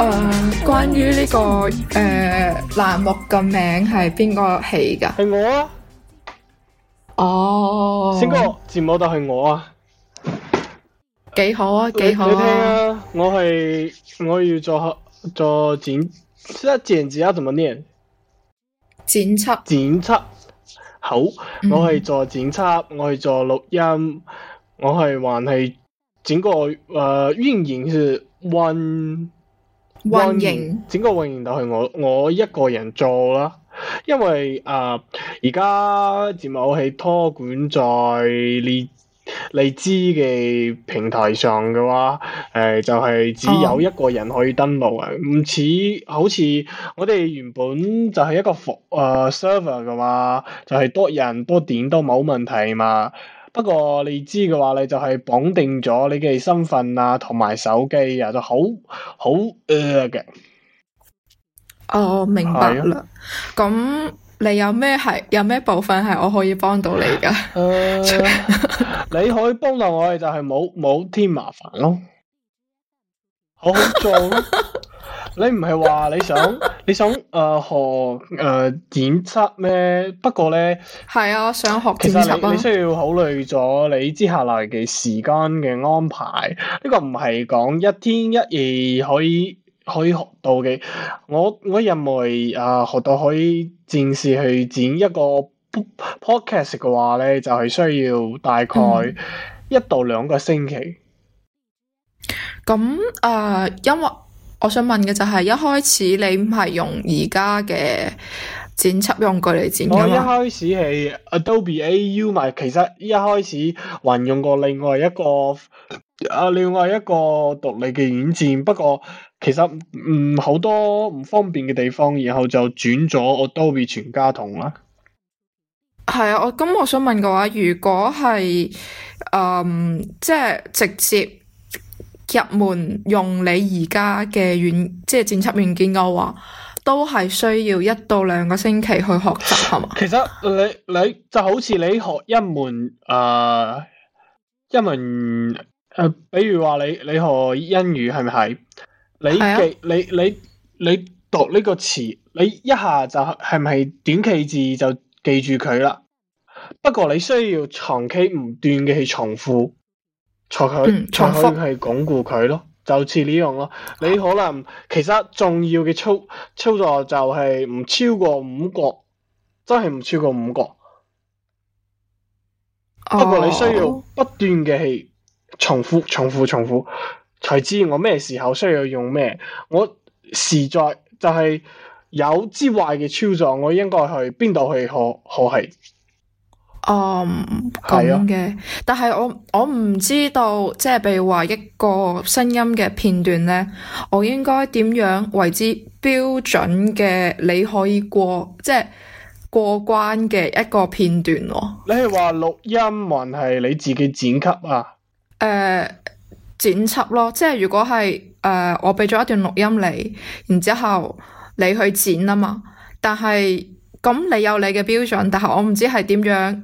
誒，uh, 關於呢、這個誒欄目嘅名係邊個起噶？係我。啊！哦，先哥，字幕就係我啊，啊。幾好啊，幾好。啊，我係我要做做剪，即係剪，剪字啊，點樣念？剪輯輯。剪輯。好，嗯、我係做剪輯，我係做錄音，我係還係整個誒運營是、呃、是 o 運營，整個運營就係我，我一個人做啦，因為啊而家節目我係託管在你，你知嘅平台上嘅話，誒、呃、就係、是、只有一個人可以登錄啊，唔似、oh. 好似我哋原本就係一個服誒、呃、server 嘅話，就係、是、多人多點都冇問題嘛。不過你知嘅話，你就係綁定咗你嘅身份啊，同埋手機啊，就好好厄嘅。呃、哦，明白喇。咁、啊、你有咩係有咩部分係我可以幫到你噶？呃、 你可以幫到我就，就係冇冇添麻煩咯。我好做，你唔係話你想你想誒學誒剪輯咩？不過咧係啊，我想學剪輯。其實你，你需要考慮咗你接下來嘅時間嘅安排，呢、呢個唔係講一天一夜可以可以學到嘅。我我認為誒、呃、學到可以暫時去剪一個 podcast 嘅話咧，就係、是、需要大概一到兩個星期。嗯咁啊、呃，因為我想問嘅就係一開始你唔係用而家嘅剪輯用具嚟剪噶嘛？我一開始係 Adobe AU，咪其實一開始還用過另外一個啊，另外一個獨立嘅軟件，不過其實唔好多唔方便嘅地方，然後就轉咗 Adobe 全家桶啦。係啊，我咁我想問嘅話，如果係嗯、呃、即係直接。入門用你而家嘅軟，即係剪輯軟件嘅話，都係需要一到兩個星期去學習，係嘛？其實你你就好似你學一門誒、呃，一門誒、呃，比如話你你學英語係咪？你記是、啊、你你你讀呢個詞，你一下就係咪係短期字就記住佢啦。不過你需要長期唔斷嘅去重複。才去，才去去鞏固佢咯，就似呢樣咯。你可能其實重要嘅操操作就係唔超過五個，真係唔超過五個。不過你需要不斷嘅去重複、重複、重複，才知我咩時候需要用咩。我實在就係有之外嘅操作，我應該去邊度去學學係。哦，咁嘅，um,，的但係我我唔知道，即係譬如話一個聲音嘅片段咧，我應該點樣為之標準嘅？你可以過，即係、就是、過關嘅一個片段。你係話錄音，還係你自己剪輯啊？誒，uh, 剪輯咯，即係如果係誒，我俾咗一段錄音你，然之後你去剪啊嘛。但係咁你有你嘅標準，但係我唔知係點樣。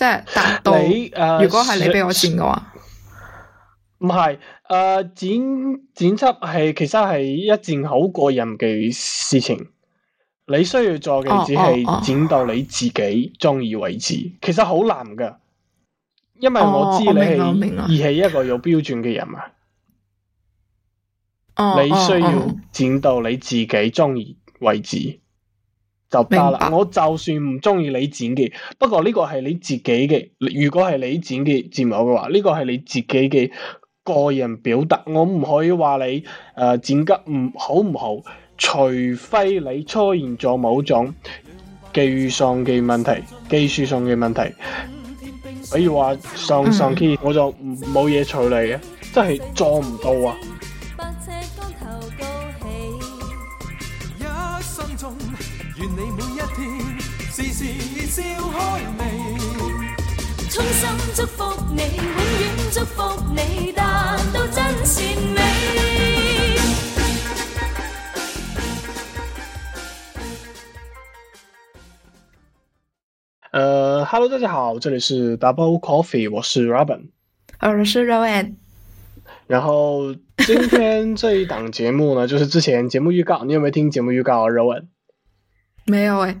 即係達到。呃、如果係你畀我剪嘅話，唔係、呃，誒剪剪輯係其實係一件好過癮嘅事情。你需要做嘅只係剪到你自己鍾意，為止，oh, oh, oh. 其實好難噶。因為我知你係而係一個有標準嘅人啊。Oh, oh, oh, oh. 你需要剪到你自己鍾意，為止。就得啦，白我就算唔中意你剪嘅，不過呢個係你自己嘅。如果係你剪嘅字幕嘅話，呢、這個係你自己嘅個人表達，我唔可以話你誒、呃、剪得唔好唔好，除非你出現咗某種技術上嘅問題，技術上嘅問題，比如話上、嗯、上 k 我就冇嘢處理嘅，真係做唔到啊！笑開眉，衷心祝福你，永遠祝福你，達到真善美。呃，Hello，大家好，這裏是 Double Coffee，我是 Robin，Hello，我是 Rowan。然後今天這一檔節目呢， 就是之前節目預告，你有冇聽節目預告？Rowan？沒有哎。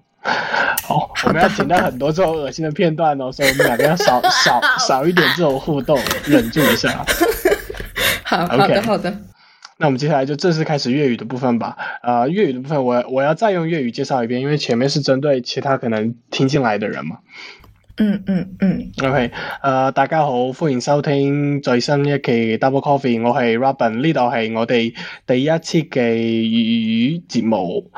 Oh, 好的，我們要剪掉很多這種惡心的片段哦，所以我們兩個要少少少一點這種互動，冷靜一下。好好的好的，okay, 好的那我們接下來就正式開始粵語的部分吧。啊、呃，粵語的部分我要我要再用粵語介紹一遍，因為前面是針對其他可能聽進來的人嘛。嗯嗯嗯。嗯嗯 OK，誒、呃、大家好，歡迎收聽最新一期 Double Coffee，我係 Robin，呢度係我哋第一次嘅粵語節目。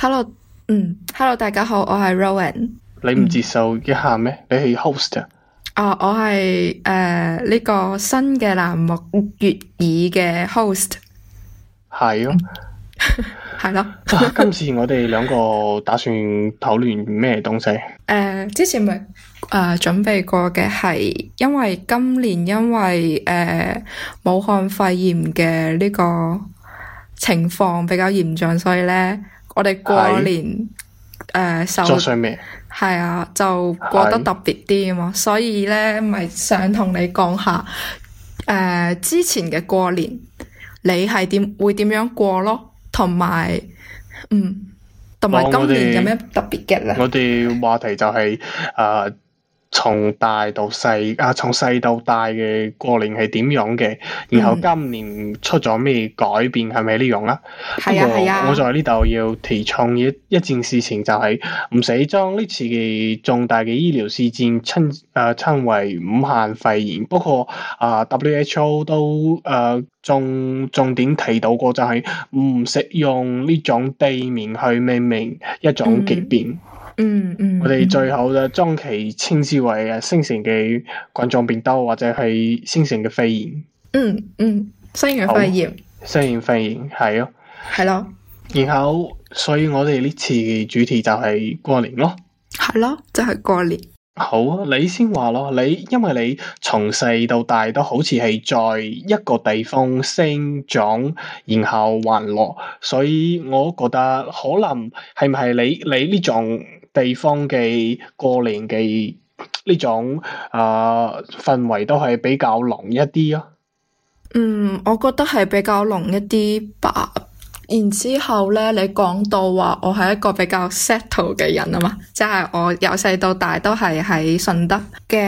Hello。嗯，Hello，大家好，我係 Rowan。你唔接受一下咩？你係 host,、嗯呃呢個、host 啊？ Hello 啊，我係誒呢個新嘅欄目粵語嘅 host。係啊，係咯。今次我哋兩個打算討論咩東西？誒、呃，之前咪誒、呃、準備過嘅係，因為今年因為誒、呃、武漢肺炎嘅呢個情況比較嚴重，所以咧。我哋過年誒的、呃，受係啊，就過得特別啲啊嘛，的所以咧，咪想同你講下誒、呃，之前嘅過年你係點會點樣過咯，同埋嗯，同埋今年有咩特別嘅 e 咧？我哋話題就係、是、誒。呃從大到細，啊，從細到大嘅過年係點樣嘅？然後今年出咗咩改變？係咪、嗯、呢樣啊？不過、啊、我，我在呢度要提倡嘅一,一件事情就係唔使將呢次嘅重大嘅醫療事件稱，稱誒稱為武漢肺炎。不過啊，WHO 都誒重重點提到過，就係唔適用呢種地面去命名一種疾病。嗯嗯嗯，嗯我哋最好就將其稱之為啊星城嘅冠狀病毒，或者係星城嘅肺炎。嗯嗯，新型肺炎，新型肺炎係咯，係咯、啊。然後，所以我哋呢次嘅主題就係過年咯，係咯、啊，就係、係、過年。好啊，你先話咯，你因為你從細到大都好似係在一個地方生長，然後環落，所以我覺得可能係唔係你你呢種。地方嘅過年嘅呢種啊、呃、氛圍都係比較濃一啲咯、啊。嗯，我覺得係比較濃一啲吧。然之後咧，你講到話我係一個比較 settle 嘅人啊嘛，即係、就是、我由細到大都係喺順德嘅。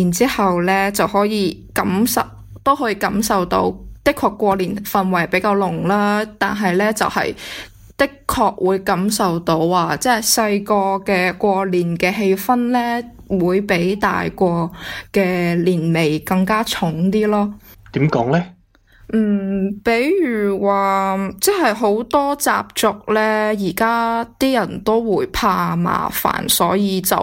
然之後咧就可以感受，都可以感受到的確過年氛圍比較濃啦。但係咧就係、是。的確會感受到啊，即係細個嘅過年嘅氣氛咧，會比大個嘅年味更加重啲咯。點講咧？嗯，比如話，即係好多習俗咧，而家啲人都會怕麻煩，所以就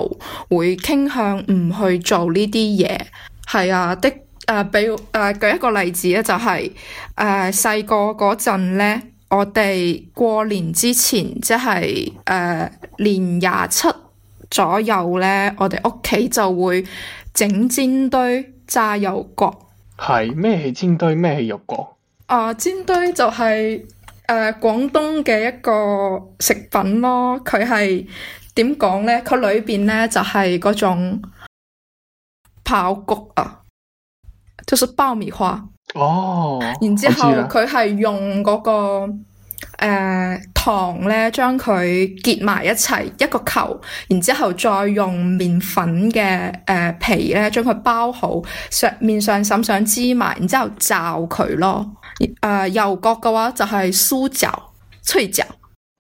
會傾向唔去做呢啲嘢。係啊，的誒、呃，比誒、呃，舉一個例子咧、就是，就係誒，細個嗰陣咧。我哋過年之前即係誒、呃、年廿七左右咧，我哋屋企就會整煎堆炸油角。係咩？係煎堆咩？係油角？啊、呃，煎堆就係誒廣東嘅一個食品咯。佢係點講咧？佢裏邊咧就係、是、嗰種爆谷啊，就是爆米花。哦，然之後佢係用嗰、那個誒糖咧將佢結埋一齊一個球，然之後再用麵粉嘅誒皮咧將佢包好，上面上沾上上芝麻，然之後罩佢咯。誒、呃，油角嘅話就係酥餃、脆餃。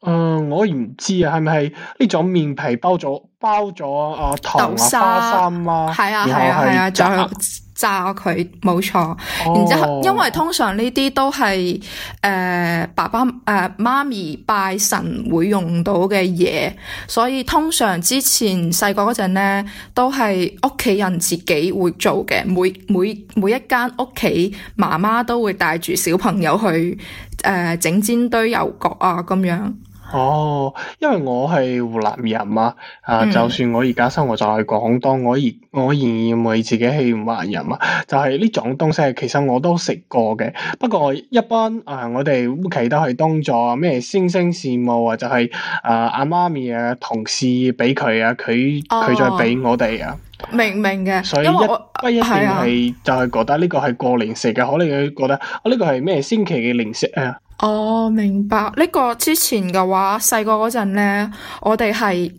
嗯，我唔知啊，係咪呢種麵皮包咗包咗誒糖啊、糖豆沙花生啊，係啊，係然後 啊，係啊，再、啊。炸佢冇錯，Oh. 然之後因為通常呢啲都係誒、呃、爸爸誒媽、呃、咪拜神會用到嘅嘢，所以通常之前細個嗰陣咧，都係屋企人自己會做嘅。每每每一間屋企，媽媽都會帶住小朋友去誒、呃、整煎堆油角啊咁樣。哦，oh, 因為我係湖南人嘛、啊，mm. 啊，就算我而家生活在廣東，我仍我仍然為自己慶雲人嘛、啊。就係、是、呢種東西，其實我都食過嘅。不過一般誒、啊，我哋屋企都係當作咩先聲善務啊，就係、是、啊阿媽咪啊同事畀佢啊，佢佢、oh, 再畀我哋啊。明明嘅，所以一,一不一定係、uh, 就係覺得呢個係過年食嘅，uh, 可能佢覺得啊呢個係咩先期嘅零食啊。我、哦、明白，呢、這個之前嘅話，細個嗰陣咧，我哋係，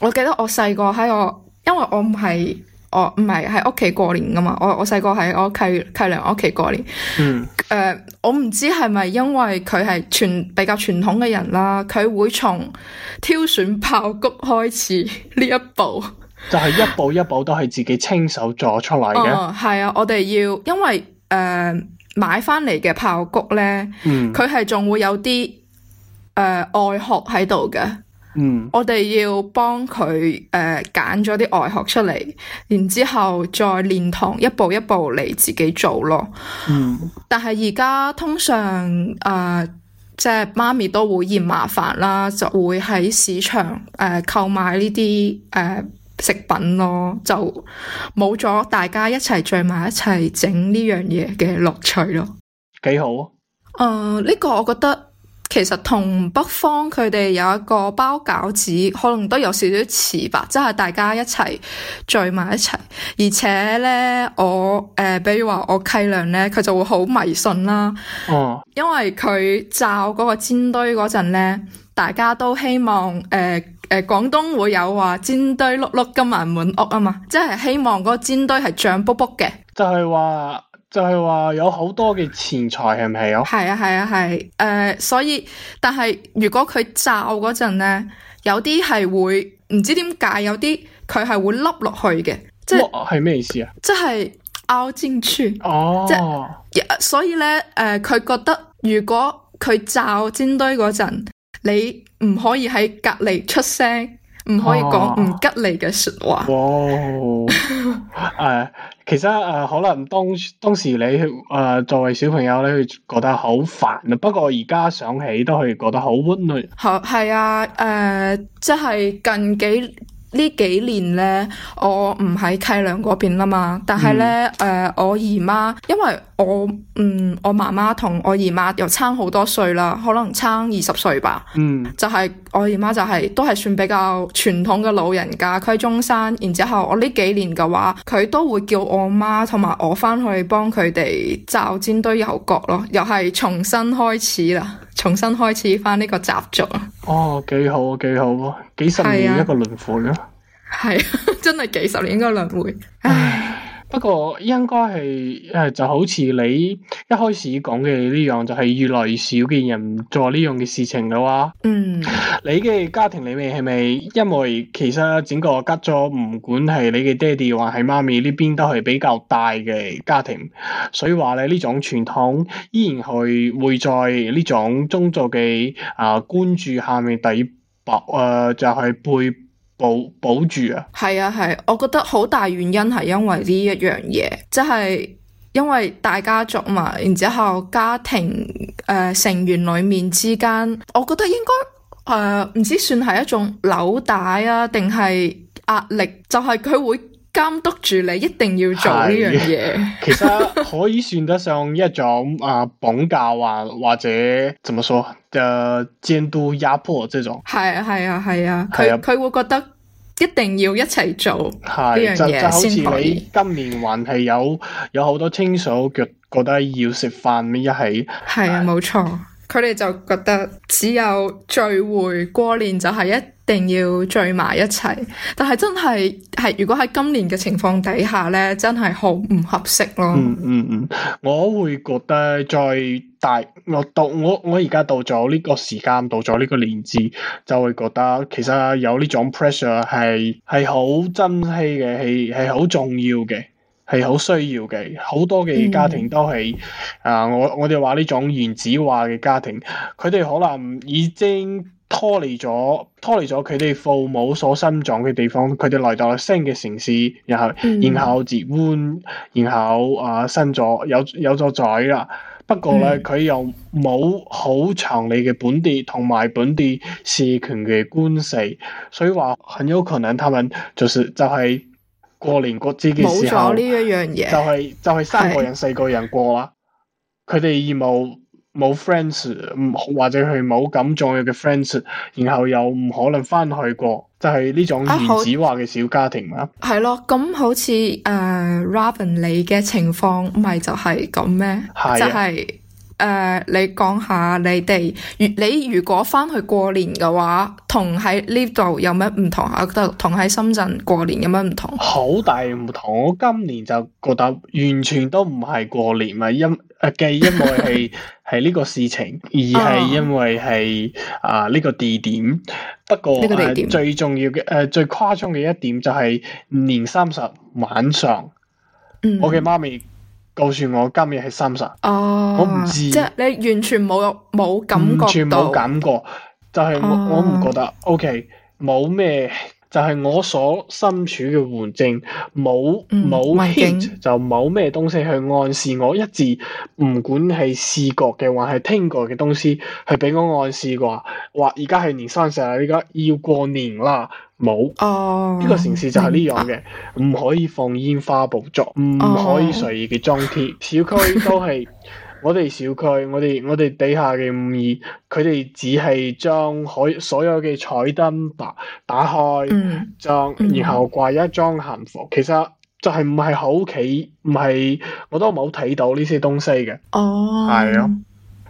我記得我細個喺我，因為我唔係，我唔係喺屋企過年噶嘛，我我細個喺我契契娘屋企過年。嗯。誒、呃，我唔知係咪因為佢係傳比較傳統嘅人啦，佢會從挑選爆谷開始呢一步 ，就係一步一步都係自己親手做出嚟嘅。哦，係啊，我哋要因為誒。呃買翻嚟嘅炮谷咧，佢係仲會有啲誒外殼喺度嘅。呃 mm. 我哋要幫佢誒揀咗啲外殼出嚟，然之後再煉糖一步一步嚟自己做咯。Mm. 但係而家通常誒、呃，即係媽咪都會嫌麻煩啦，就會喺市場誒購、呃、買呢啲誒。呃食品咯，就冇咗大家一齊聚埋一齊整呢樣嘢嘅樂趣咯，幾好啊！誒、呃，呢、這個我覺得其實同北方佢哋有一個包餃子，可能都有少少似吧，即、就、係、是、大家一齊聚埋一齊。而且咧，我誒、呃，比如話我契娘咧，佢就會好迷信啦。哦、嗯，因為佢炸嗰個煎堆嗰陣咧，大家都希望誒。呃誒，廣、呃、東會有話煎堆碌碌金銀滿屋啊嘛，即係希望個煎堆係脹卜卜嘅，就係、是、話就係、是、話有好多嘅錢財係咪啊？係啊係啊係，誒、呃，所以但係如果佢炸嗰陣咧，有啲係會唔知點解有啲佢係會凹落去嘅，即係係咩意思啊？即係凹尖處哦，即係所以咧，誒、呃，佢覺得如果佢炸煎堆嗰陣。你唔可以喺隔籬出聲，唔可以講唔吉利嘅說話。誒、啊呃，其實誒，可、呃、能、呃、當當時你誒、呃、作為小朋友你會，覺得好煩啊。不過而家想起，都係覺得好温暖。好係啊，誒、啊呃，即係近幾。呢幾年呢，我唔喺契娘嗰邊啦嘛，但係呢，誒、嗯呃、我姨媽，因為我嗯我媽媽同我姨媽又差好多歲啦，可能差二十歲吧。嗯，就係、是、我姨媽就係、是、都係算比較傳統嘅老人家，佢喺中山，然之後我呢幾年嘅話，佢都會叫我媽同埋我翻去幫佢哋炸煎堆油角咯，又係重新開始啦。重新開始返呢個習俗啊！哦，幾好啊，幾好啊！幾十年一個輪迴啊？係啊，真係幾十年一個輪迴。唉。唉不過應該係誒，就好似你一開始講嘅呢樣，就係、是、越來越少嘅人做呢樣嘅事情嘅話。嗯。你嘅家庭裏面係咪？因為其實整個家族，唔管係你嘅爹哋或係媽咪呢邊都係比較大嘅家庭，所以話咧呢種傳統依然去會在呢種宗族嘅啊關注下面底薄啊、呃，就係、是、背。保保住啊！係啊係、啊，我覺得好大原因係因為呢一樣嘢，即、就、係、是、因為大家族嘛，然之後家庭誒、呃、成員裏面之間，我覺得應該誒唔、呃、知算係一種紐帶啊，定係壓力，就係、是、佢會。監督住你一定要做呢樣嘢，其實可以算得上一種啊綁、呃、架，或或者怎麼說的監督壓迫這種。係啊係啊係啊，佢佢、啊啊、會覺得一定要一齊做呢樣嘢，就好似你今年還係有有好多親屬覺覺得要食飯一起，係啊冇錯。佢哋就覺得只有聚會過年就係一定要聚埋一齊，但係真係係如果喺今年嘅情況底下咧，真係好唔合適咯。嗯嗯嗯，我會覺得再大在大我到我我而家到咗呢個時間，到咗呢個年紀，就會覺得其實有呢種 pressure 係係好珍惜嘅，係係好重要嘅。係好需要嘅，好多嘅家庭都係、嗯、啊！我我哋話呢種原子化嘅家庭，佢哋可能已經脫離咗脫離咗佢哋父母所生長嘅地方，佢哋來到新嘅城市，然後、嗯、然後自換，然後啊生咗有有咗仔啦。不過咧，佢、嗯、又冇好長利嘅本地同埋本地事權嘅官勢，所以話很有可能，他們就是就係、是。就是就是就是過年過節嘅時候，樣就係、是、就係、是、三個人四個人過啦。佢哋而冇冇 friends，或者佢冇咁重要嘅 friends，然後又唔可能翻去過，就係、是、呢種原子話嘅小家庭啊。係咯，咁 好似誒、呃、，Robin 你嘅情況咪就係咁咩？啊、就係、是。誒，uh, 你講下你哋，你如果翻去過年嘅話，同喺呢度有咩唔同？我覺得同喺深圳過年有咩唔同？好大唔同！我今年就覺得完全都唔係過年咪因誒，既因為係係呢個事情，而係因為係 啊呢、啊這個地點。不過呢個地點、啊、最重要嘅誒、啊，最誇張嘅一點就係年三十晚上，嗯、我嘅媽咪。告算我今日係三十，oh, 我唔知，即係你完全冇冇感覺到，完全冇感覺，就係、是、我唔、oh. 覺得。O K，冇咩，就係、是、我所身處嘅環境冇冇 h ate, 行就冇咩東西去暗示我。一直，唔管係視覺嘅或係聽覺嘅東西，係俾我暗示話，話而家係年三十啦，而家要過年啦。冇，呢、oh. 個城市就係呢樣嘅，唔可以放煙花爆竹，唔可以隨意嘅張貼。Oh. 小區都係 我哋小區，我哋我哋底下嘅物業，佢哋只係將海所有嘅彩燈打打開，將、mm. mm. 然後掛一張橫幅。其實就係唔係好企，唔係我都冇睇到呢些東西嘅，哦、oh.，係 啊。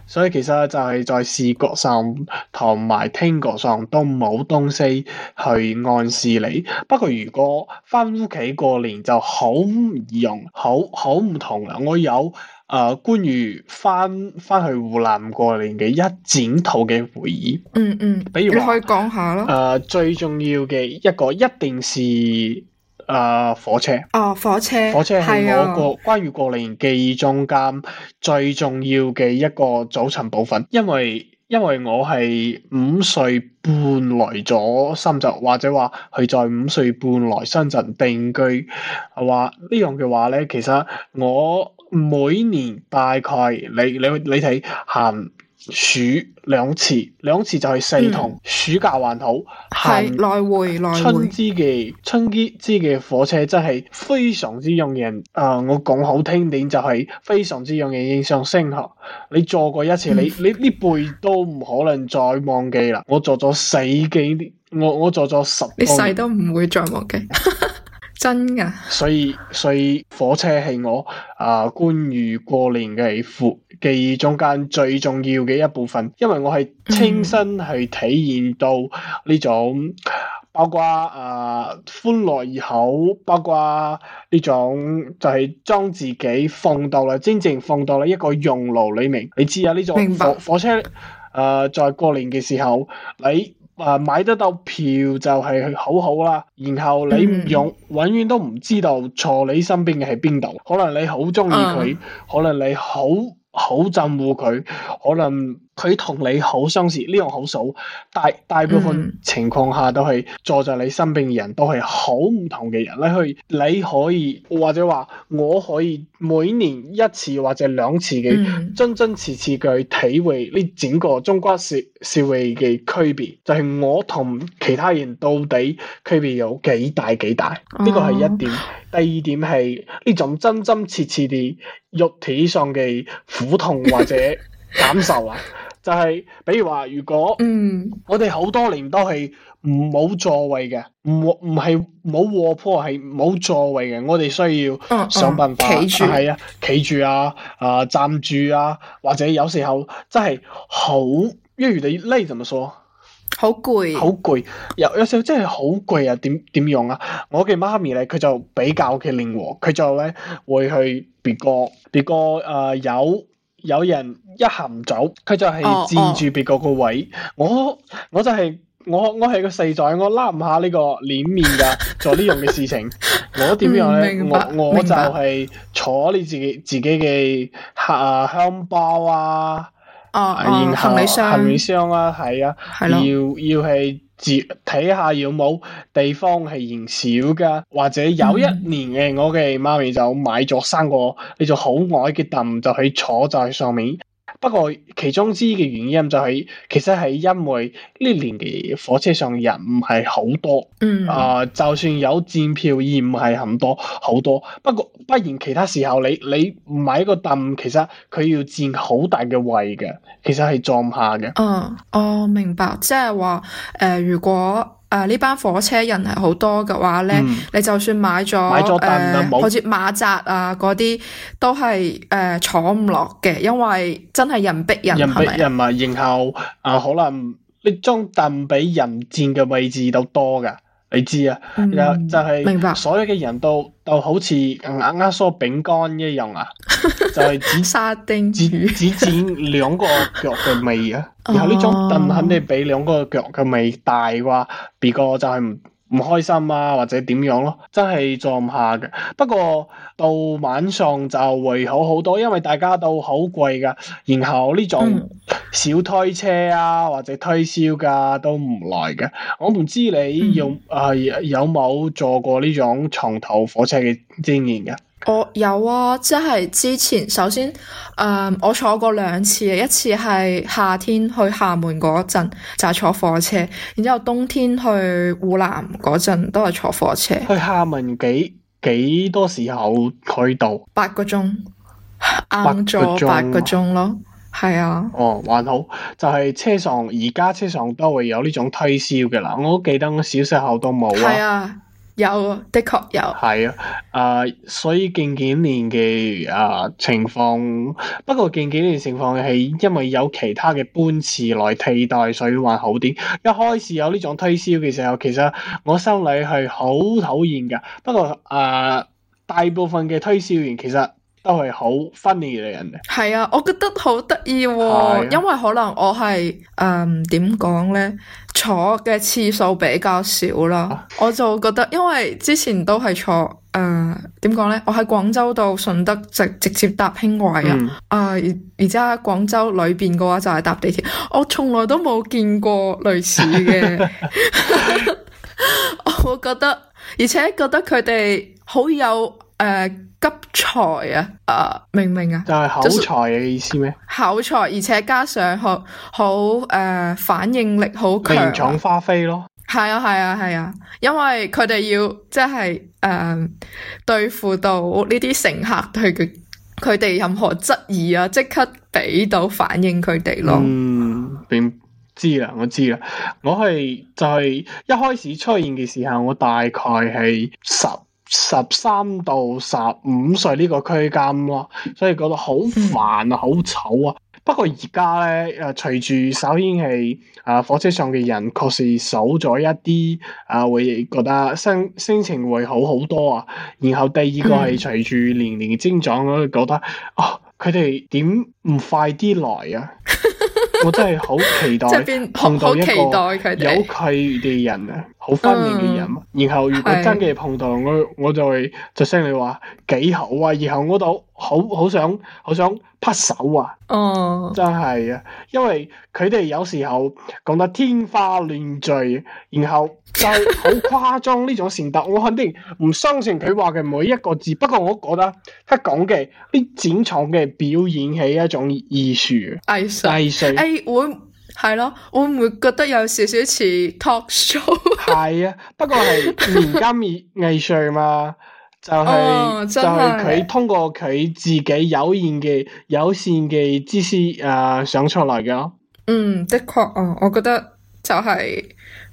所以其實就係在視覺上同埋聽覺上都冇東西去暗示你。不過如果翻屋企過年就好唔同，好好唔同啦。我有誒、呃，關於翻翻去湖南過年嘅一整套嘅會議。嗯嗯，嗯比如話，你可以講下啦。誒、呃，最重要嘅一個一定是。啊！Uh, 火車，啊，火車，火車係我個關於過年記憶中間最重要嘅一個組成部分，因為因為我係五歲半來咗深圳，或者話佢在五歲半來深圳定居，啊，話呢樣嘅話咧，其實我每年大概你你你睇行。暑兩次，兩次就係四趟。嗯、暑假還好，係來是走回來春之嘅春之之嘅火車真係非常之讓人，啊、呃！我講好聽點就係非常之讓人印象深刻。你坐過一次，嗯、你你呢輩都唔可能再忘記啦。我坐咗死幾，我我坐咗十年，一世都唔會再忘記。 真噶，所以所以火車係我啊、呃、關於過年嘅富記憶中間最重要嘅一部分，因為我係親身去體驗到呢種，嗯、包括啊、呃、歡樂而好，包括呢種就係將自己放到啦，真正放到啦一個熔爐裏面，你知啊，呢種火白火車誒、呃、在過年嘅時候你。啊！買得到票就係好好啦，然後你唔用、嗯、永遠都唔知道坐你身邊嘅係邊度，可能你好中意佢，可能你好好憎護佢，可能。佢同你好相似呢樣好少，大大部分情況下都係坐在你身邊嘅人都係好唔同嘅人。你去，你可以或者話，我可以每年一次或者兩次嘅真真切切嘅去體會呢整個中國社社會嘅區別，就係我同其他人到底區別有幾大幾大？呢個係一點。第二點係呢種真真切切地肉體上嘅苦痛或者感受啊。但係，比如話，如果、嗯、我哋好多年都係唔冇座位嘅，唔唔係冇卧鋪，係冇座位嘅，我哋需要想辦法，係、嗯呃、啊，企、啊、住啊，啊、呃、站住啊，或者有時候真係好，粵語你累怎麼說？好攰、啊，好攰，有有時候真係好攰啊！點點用啊？我嘅媽咪咧，佢就比較嘅靈活，佢就咧會去別個別個啊、呃、有。呃有人一行走，佢就係佔住別個個位 oh, oh. 我。我我就係我我係個細仔，我攬唔下呢個臉面噶， 做呢樣嘅事情。我點樣咧、 嗯？我我就係坐你自己自己嘅客香包啊，oh, oh, 然後行李箱啊，係啊， 的要要係。睇下有冇地方係嫌少噶，或者有一年嘅我嘅媽咪就買咗三個，你就好矮嘅凳就去坐在上面。不過，其中之一嘅原因就係、是、其實係因為呢年嘅火車上人唔係好多，啊、嗯呃，就算有站票亦唔係很多好多。不過不然，其他時候你你買一個凳，其實佢要佔好大嘅位嘅，其實係撞下嘅。嗯，我、哦、明白，即係話誒，如果。誒，呢、啊、班火車人係好多嘅話咧，嗯、你就算買咗誒，好似、呃、馬扎啊嗰啲都係誒、呃、坐唔落嘅，因為真係人逼人人逼人啊。吧然後啊、呃，可能你張凳比人佔嘅位置都多噶。你知啊，又、嗯、就係所有嘅人都白都好似壓壓縮餅乾一樣啊， 就係指沙丁柱 只、只只剪兩個腳嘅味啊， 然後呢張凳肯定比兩個腳嘅味大啩、啊，別、哦、個就係唔。唔開心啊，或者點樣咯，真係撞唔下嘅。不過到晚上就會好好多，因為大家都好攰噶。然後呢種小推車啊，或者推銷噶都唔來嘅。我唔知你用誒、呃、有冇坐過呢種床頭火車嘅經驗嘅？我、oh，有啊，即、就、係、是、之前首先，誒、嗯，我坐過兩次，一次係夏天去廈門嗰陣就係、是、坐火車，然之後冬天去湖南嗰陣都係坐火車。去廈門幾幾多時候去到？八個鐘，硬座八個鐘咯，係啊。啊哦，還好，就係、是、車上而家車上都會有呢種推銷嘅啦。我都記得我小時候都冇啊。啊。有，的確有。係啊，啊，所以近幾年嘅啊情況，不過近幾年情況係因為有其他嘅班次來替代，所以還好啲。一開始有呢種推銷嘅時候，其實我心裏係好討厭噶。不過啊，大部分嘅推銷員其實。都係好 funny 嘅人嘅，係啊，我覺得好得意，啊、因為可能我係誒點講咧，坐嘅次數比較少啦，啊、我就覺得，因為之前都係坐誒點講咧，我喺廣州到順德直直接搭輕軌啊，啊而而家廣州裏邊嘅話就係搭地鐵，我從來都冇見過類似嘅， 我覺得而且覺得佢哋好有誒。呃急才啊！誒、啊，明唔明啊？就係口才嘅意思咩？口才，而且加上好好誒，反應力好強，啊，花飛咯。係啊，係啊，係啊！因為佢哋要即係誒，對付到呢啲乘客，對佢佢哋任何質疑啊，即刻俾到反應佢哋咯。嗯，明知啦，我知啦，我係就係、係、一開始出現嘅時候，我大概係十。十三到十五歲，呢個區間咯，所以覺得好煩啊，好醜啊。嗯、不過而家咧，誒，隨住首先係誒火車上嘅人確實少咗一啲，啊，會覺得心心情會好好多啊。然後第二個係隨住年年增長，我覺得、嗯、啊，佢哋點唔快啲來啊？ 我真係好期待 即便 碰到一個有佢哋人啊！ 好分裂嘅人，嗯、然後如果真嘅碰到我，我就會就 s 你話幾好啊！然後我就好好想好想拍手啊！哦，真係啊，因為佢哋有時候講得天花亂墜，然後就好誇張呢種善德， 我肯定唔相信佢話嘅每一個字。不過我覺得他，佢講嘅啲剪綵嘅表演係一種藝術，低衰、哎呦哎係咯，我唔會覺得有少少似 talk show。 係啊，不過係民間藝藝術嘛， 就係、是哦、就係佢通過佢自己有限嘅有限嘅知識誒，想出來嘅咯。嗯，的確，哦，我覺得就係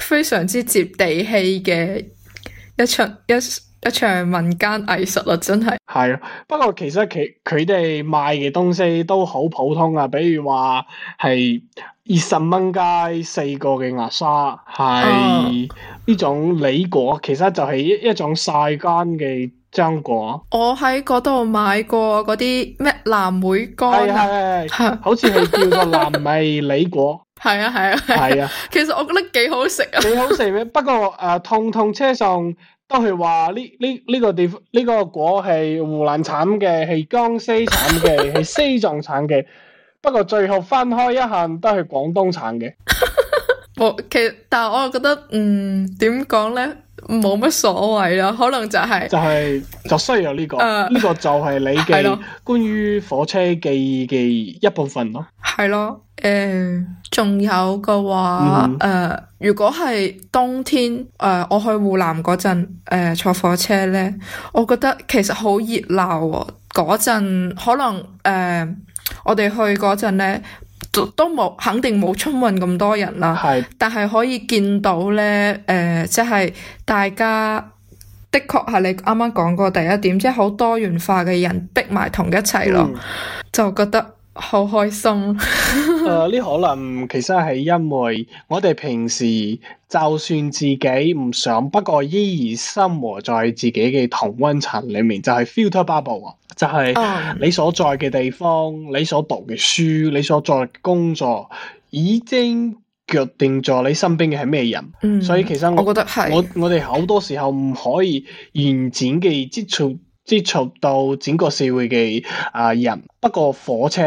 非常之接地氣嘅一出一。一場民間藝術咯，真係係、啊。不過其實佢佢哋賣嘅東西都好普通啊，比如話係二十蚊雞四個嘅牙刷，係呢種李果，啊、其實就係一一種曬乾嘅漿果。我喺嗰度買過嗰啲咩藍莓乾，係好似係叫做藍味李果。係啊係啊係啊，其實我覺得幾好食啊，幾好食咩？不過誒，痛、呃、痛車上。佢話：呢呢呢個地呢、呢個果係湖南產嘅，係江西產嘅，係西藏產嘅。 不過最後分開一下，都係廣東產嘅。我其 但係我覺得，嗯，點講咧？冇乜所謂咯，可能就係、是、就係、是、就需要呢、這個呢、呃、個就係你嘅關於火車記憶嘅一部分咯。係、呃、咯，誒，仲有嘅話誒，如果係冬天誒、呃，我去湖南嗰陣誒坐火車咧，我覺得其實好熱鬧嗰陣，可能誒、呃、我哋去嗰陣咧。都冇，肯定冇春運咁多人啦。係，但係可以見到咧，誒，即係大家的確係你啱啱講過第一點，即係好多元化嘅人逼埋同一齊咯，嗯，就覺得。好開心。誒，呢可能其實係因為我哋平時就算自己唔想，不過依然生活在自己嘅同温層裏面，就係、是、filter bubble 啊，就係你所在嘅地方、um, 你所讀嘅書、你所在工作，已經決定咗你身邊嘅係咩人。Um, 所以其實我我覺得係我我哋好多時候唔可以完整嘅接觸。接觸到整個社會嘅啊人，不過火車，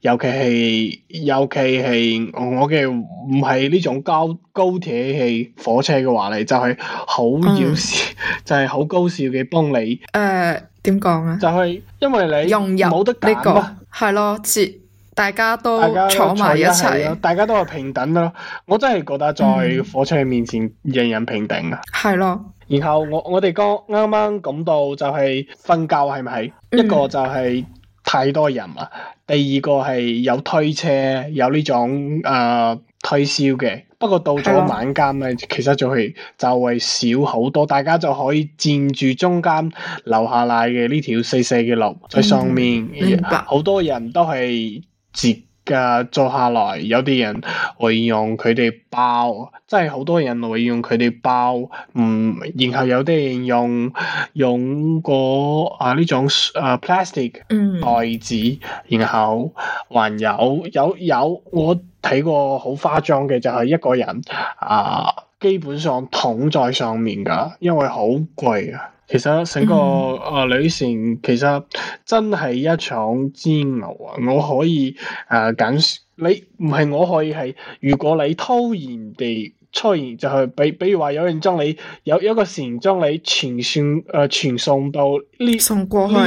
尤其係尤其係我嘅唔係呢種高高鐵係火車嘅話嚟，就係好要事，嗯、就係好高笑嘅幫你。誒、呃，點講啊？就係因為你用人，冇得揀，係咯，折。大家都坐埋一齊，大家都係平等咯。嗯、我真係覺得在火車面前人、嗯、人平等啊。係咯的。然後我我哋剛啱啱講到就係瞓覺係咪？是是嗯、一個就係太多人啦，第二個係有推車有呢種誒、呃、推銷嘅。不過到咗晚間咧，的嗯、其實就係就係少好多，大家就可以佔住中間留下嚟嘅呢條細細嘅路。在上面，好多人都係。接㗎做下來，有啲人會用佢哋包，即係好多人會用佢哋包，嗯，然後有啲人用用個啊呢種啊 plastic 袋子，然後還有有有我睇過好誇張嘅就係一個人啊。基本上桶在上面㗎，因為好貴啊。其實整個啊旅程，其實真係一場煎熬啊！我可以誒揀、呃，你唔係我可以係，如果你突然地。出現就係比，比如話有人將你有有一個時將你傳送誒傳送到呢呢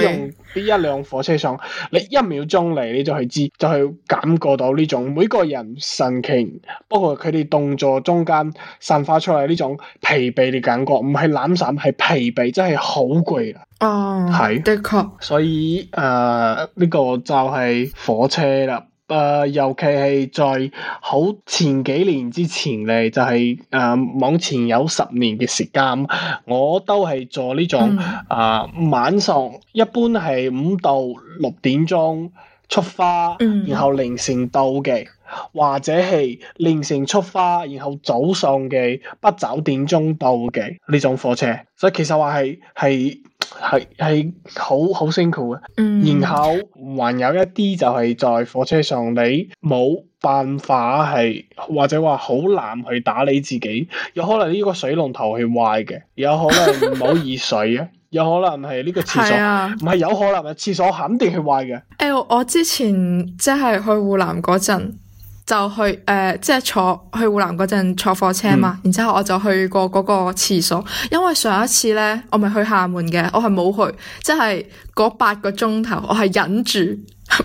用呢一輛火車上，你一秒鐘嚟你就係知，就係感覺到呢種每個人神情，包括佢哋動作中間散發出嚟呢種疲憊嘅感覺，唔係懶散，係疲憊，真係好攰啊！哦，係是的確確，所以誒呢、呃這個就係火車啦。誒，uh, 尤其係在好前幾年之前咧，就係、是、誒、uh, 往前有十年嘅時間，我都係坐呢種誒、嗯 uh, 晚上，一般係五到六點鐘出發，嗯、然後凌晨到嘅，或者係凌晨出發，然後早上嘅八、九點鐘到嘅呢種火車。所以其實話係係。係係好好辛苦 m p 嘅，嗯、然後還有一啲就係在火車上你冇辦法係或者話好難去打理自己，有可能呢個水龍頭係壞嘅，有可能唔好熱水啊， 有可能係呢個廁所唔係 有可能啊，廁所肯定係壞嘅。誒，我之前即係去湖南嗰陣。嗯就去誒、呃，即係坐去湖南嗰陣坐火車嘛，嗯、然之後我就去過嗰個廁所，因為上一次咧，我咪去廈門嘅，我係冇去，即係嗰八個鐘頭我係忍住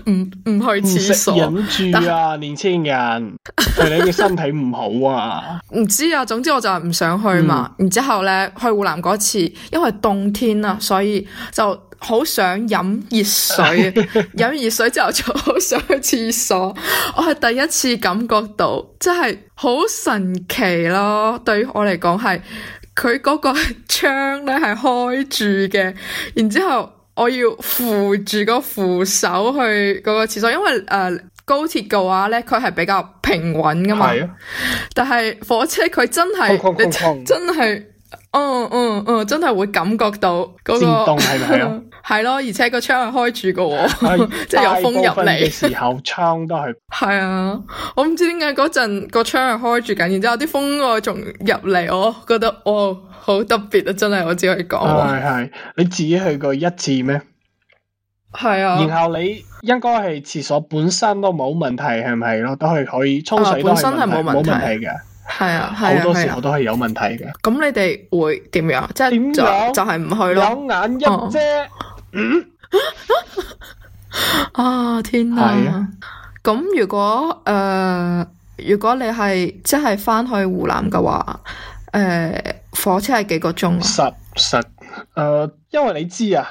唔唔去廁所。忍住啊，但年青人，係 你嘅身體唔好啊。唔知啊，總之我就係唔想去嘛。嗯、然之後咧，去湖南嗰次，因為冬天啊，所以就。好想飲熱水，飲熱 水之後就好想去廁所。我係第一次感覺到，真係好神奇咯。對於我嚟講，係佢嗰個窗咧係開住嘅，然之後我要扶住個扶手去嗰個廁所，因為誒、呃、高鐵嘅話咧，佢係比較平穩噶嘛。啊、但係火車佢真係，控控控控真係。嗯嗯嗯，oh, um, um, 真係會感覺到嗰、那個震動係咪啊？係咯， 而且個窗係開住個，即係、哎、 有風入嚟。嘅時候窗都係係啊，我唔知點解嗰陣個窗係開住緊，然之後啲風我仲入嚟，我覺得哦好特別啊，真係我只可以講。係係、啊，你自己去過一次咩？係 啊。然後你應該係廁所本身都冇問題，係咪咯？都係可以沖水都係冇問題嘅。啊係啊，好、啊、多時候都係有問題嘅。咁、啊啊、你哋會點樣？即係點就係唔樣去咯。有眼音啫。啊天、嗯、 啊！咁、啊、如果誒、呃，如果你係即係返去湖南嘅話，誒、呃，火車係幾個鐘啊？實實誒，因為你知啊，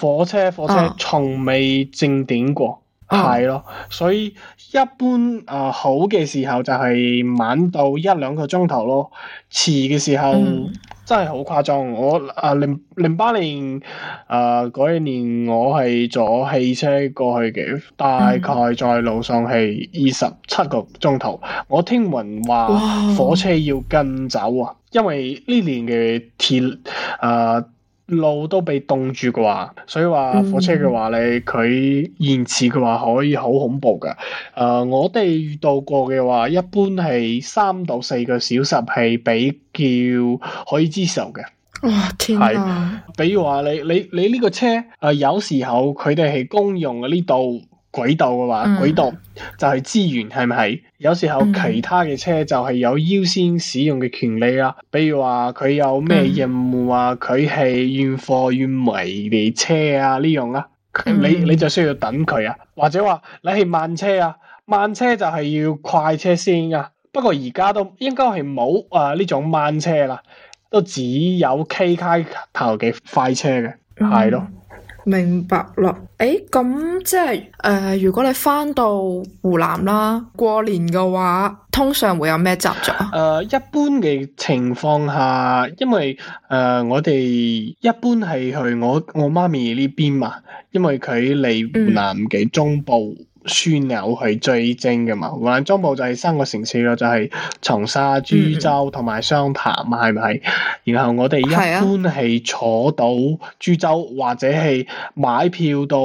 火車火車從未正點過。啊係咯， 所以一般啊、呃、好嘅時候就係晚到一兩個鐘頭咯，遲嘅時候、嗯、真係好誇張。我啊零零八年啊嗰一年我係坐汽車過去嘅，大概在路上係二十七個鐘頭。嗯、我聽聞話火車要更走啊，哇因為呢年嘅鐵啊。路都被凍住嘅話，所以話火車嘅話你佢延遲嘅話可以好恐怖㗎。誒、呃，我哋遇到過嘅話，一般係三到四個小時係比較可以接受嘅。哇、哦！天啊！比如話你你你呢個車誒、呃，有時候佢哋係公用嘅呢度。軌道嘅話，軌道就係資源，係咪係？有時候其他嘅車就係有優先使用嘅權利啦。比如話佢有咩任務啊，佢係運貨運煤嘅車啊呢樣啊，你你就需要等佢啊。或者話你係慢車啊，慢車就係要快車先啊。不過而家都應該係冇啊呢種慢車啦，都只有 K 開頭嘅快車嘅，係咯、嗯。明白啦，誒，咁即係誒、呃，如果你翻到湖南啦過年嘅話，通常會有咩習俗啊？誒、呃，一般嘅情況下，因為誒、呃，我哋一般係去我我媽咪呢邊嘛，因為佢嚟湖南嘅中部。嗯樞紐係最精嘅嘛，湖南中部就係三個城市咯，就係、是、長沙、株洲同埋湘潭啊，係咪？然後我哋一般係坐到株洲，啊、或者係買票到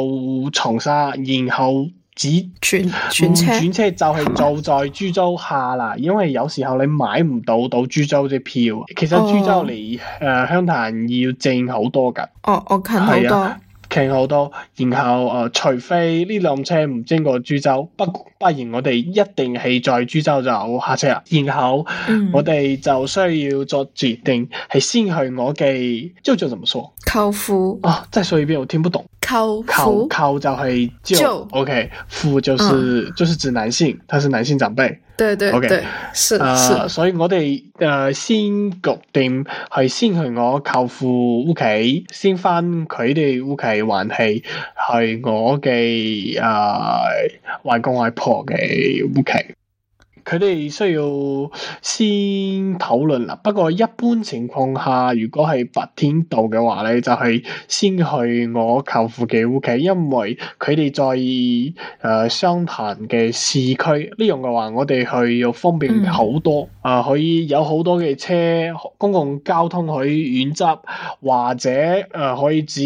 長沙，然後只轉轉車轉車就係坐在株洲下啦。吧因為有時候你買唔到到株洲嘅票，其實株洲離誒湘潭要正好多噶。哦，我近好多。輕好多，然後誒、呃，除非呢輛車唔經過株洲，不不然我哋一定係在株洲就下車啦。然後、嗯、我哋就需要作決定，係先去我嘅舅舅，怎麼說？舅父腑啊，再說一遍，我聽不懂。舅舅舅就係舅父，O K，父就是就，okay,、就是、就是指男性，他、嗯、是男性長輩，對對，對，OK，是，呃、是所以我哋誒、呃、先決定係先去我舅父屋企，先返佢哋屋企，還係去我嘅誒、呃、外公外婆嘅屋企。佢哋需要先討論啦。不過一般情況下，如果係白天到嘅話咧，就係先去我舅父嘅屋企，因為佢哋在誒、呃、商談嘅市區。呢樣嘅話，我哋去又方便好多。啊、嗯呃，可以有好多嘅車、公共交通可以遠執，或者誒、呃、可以自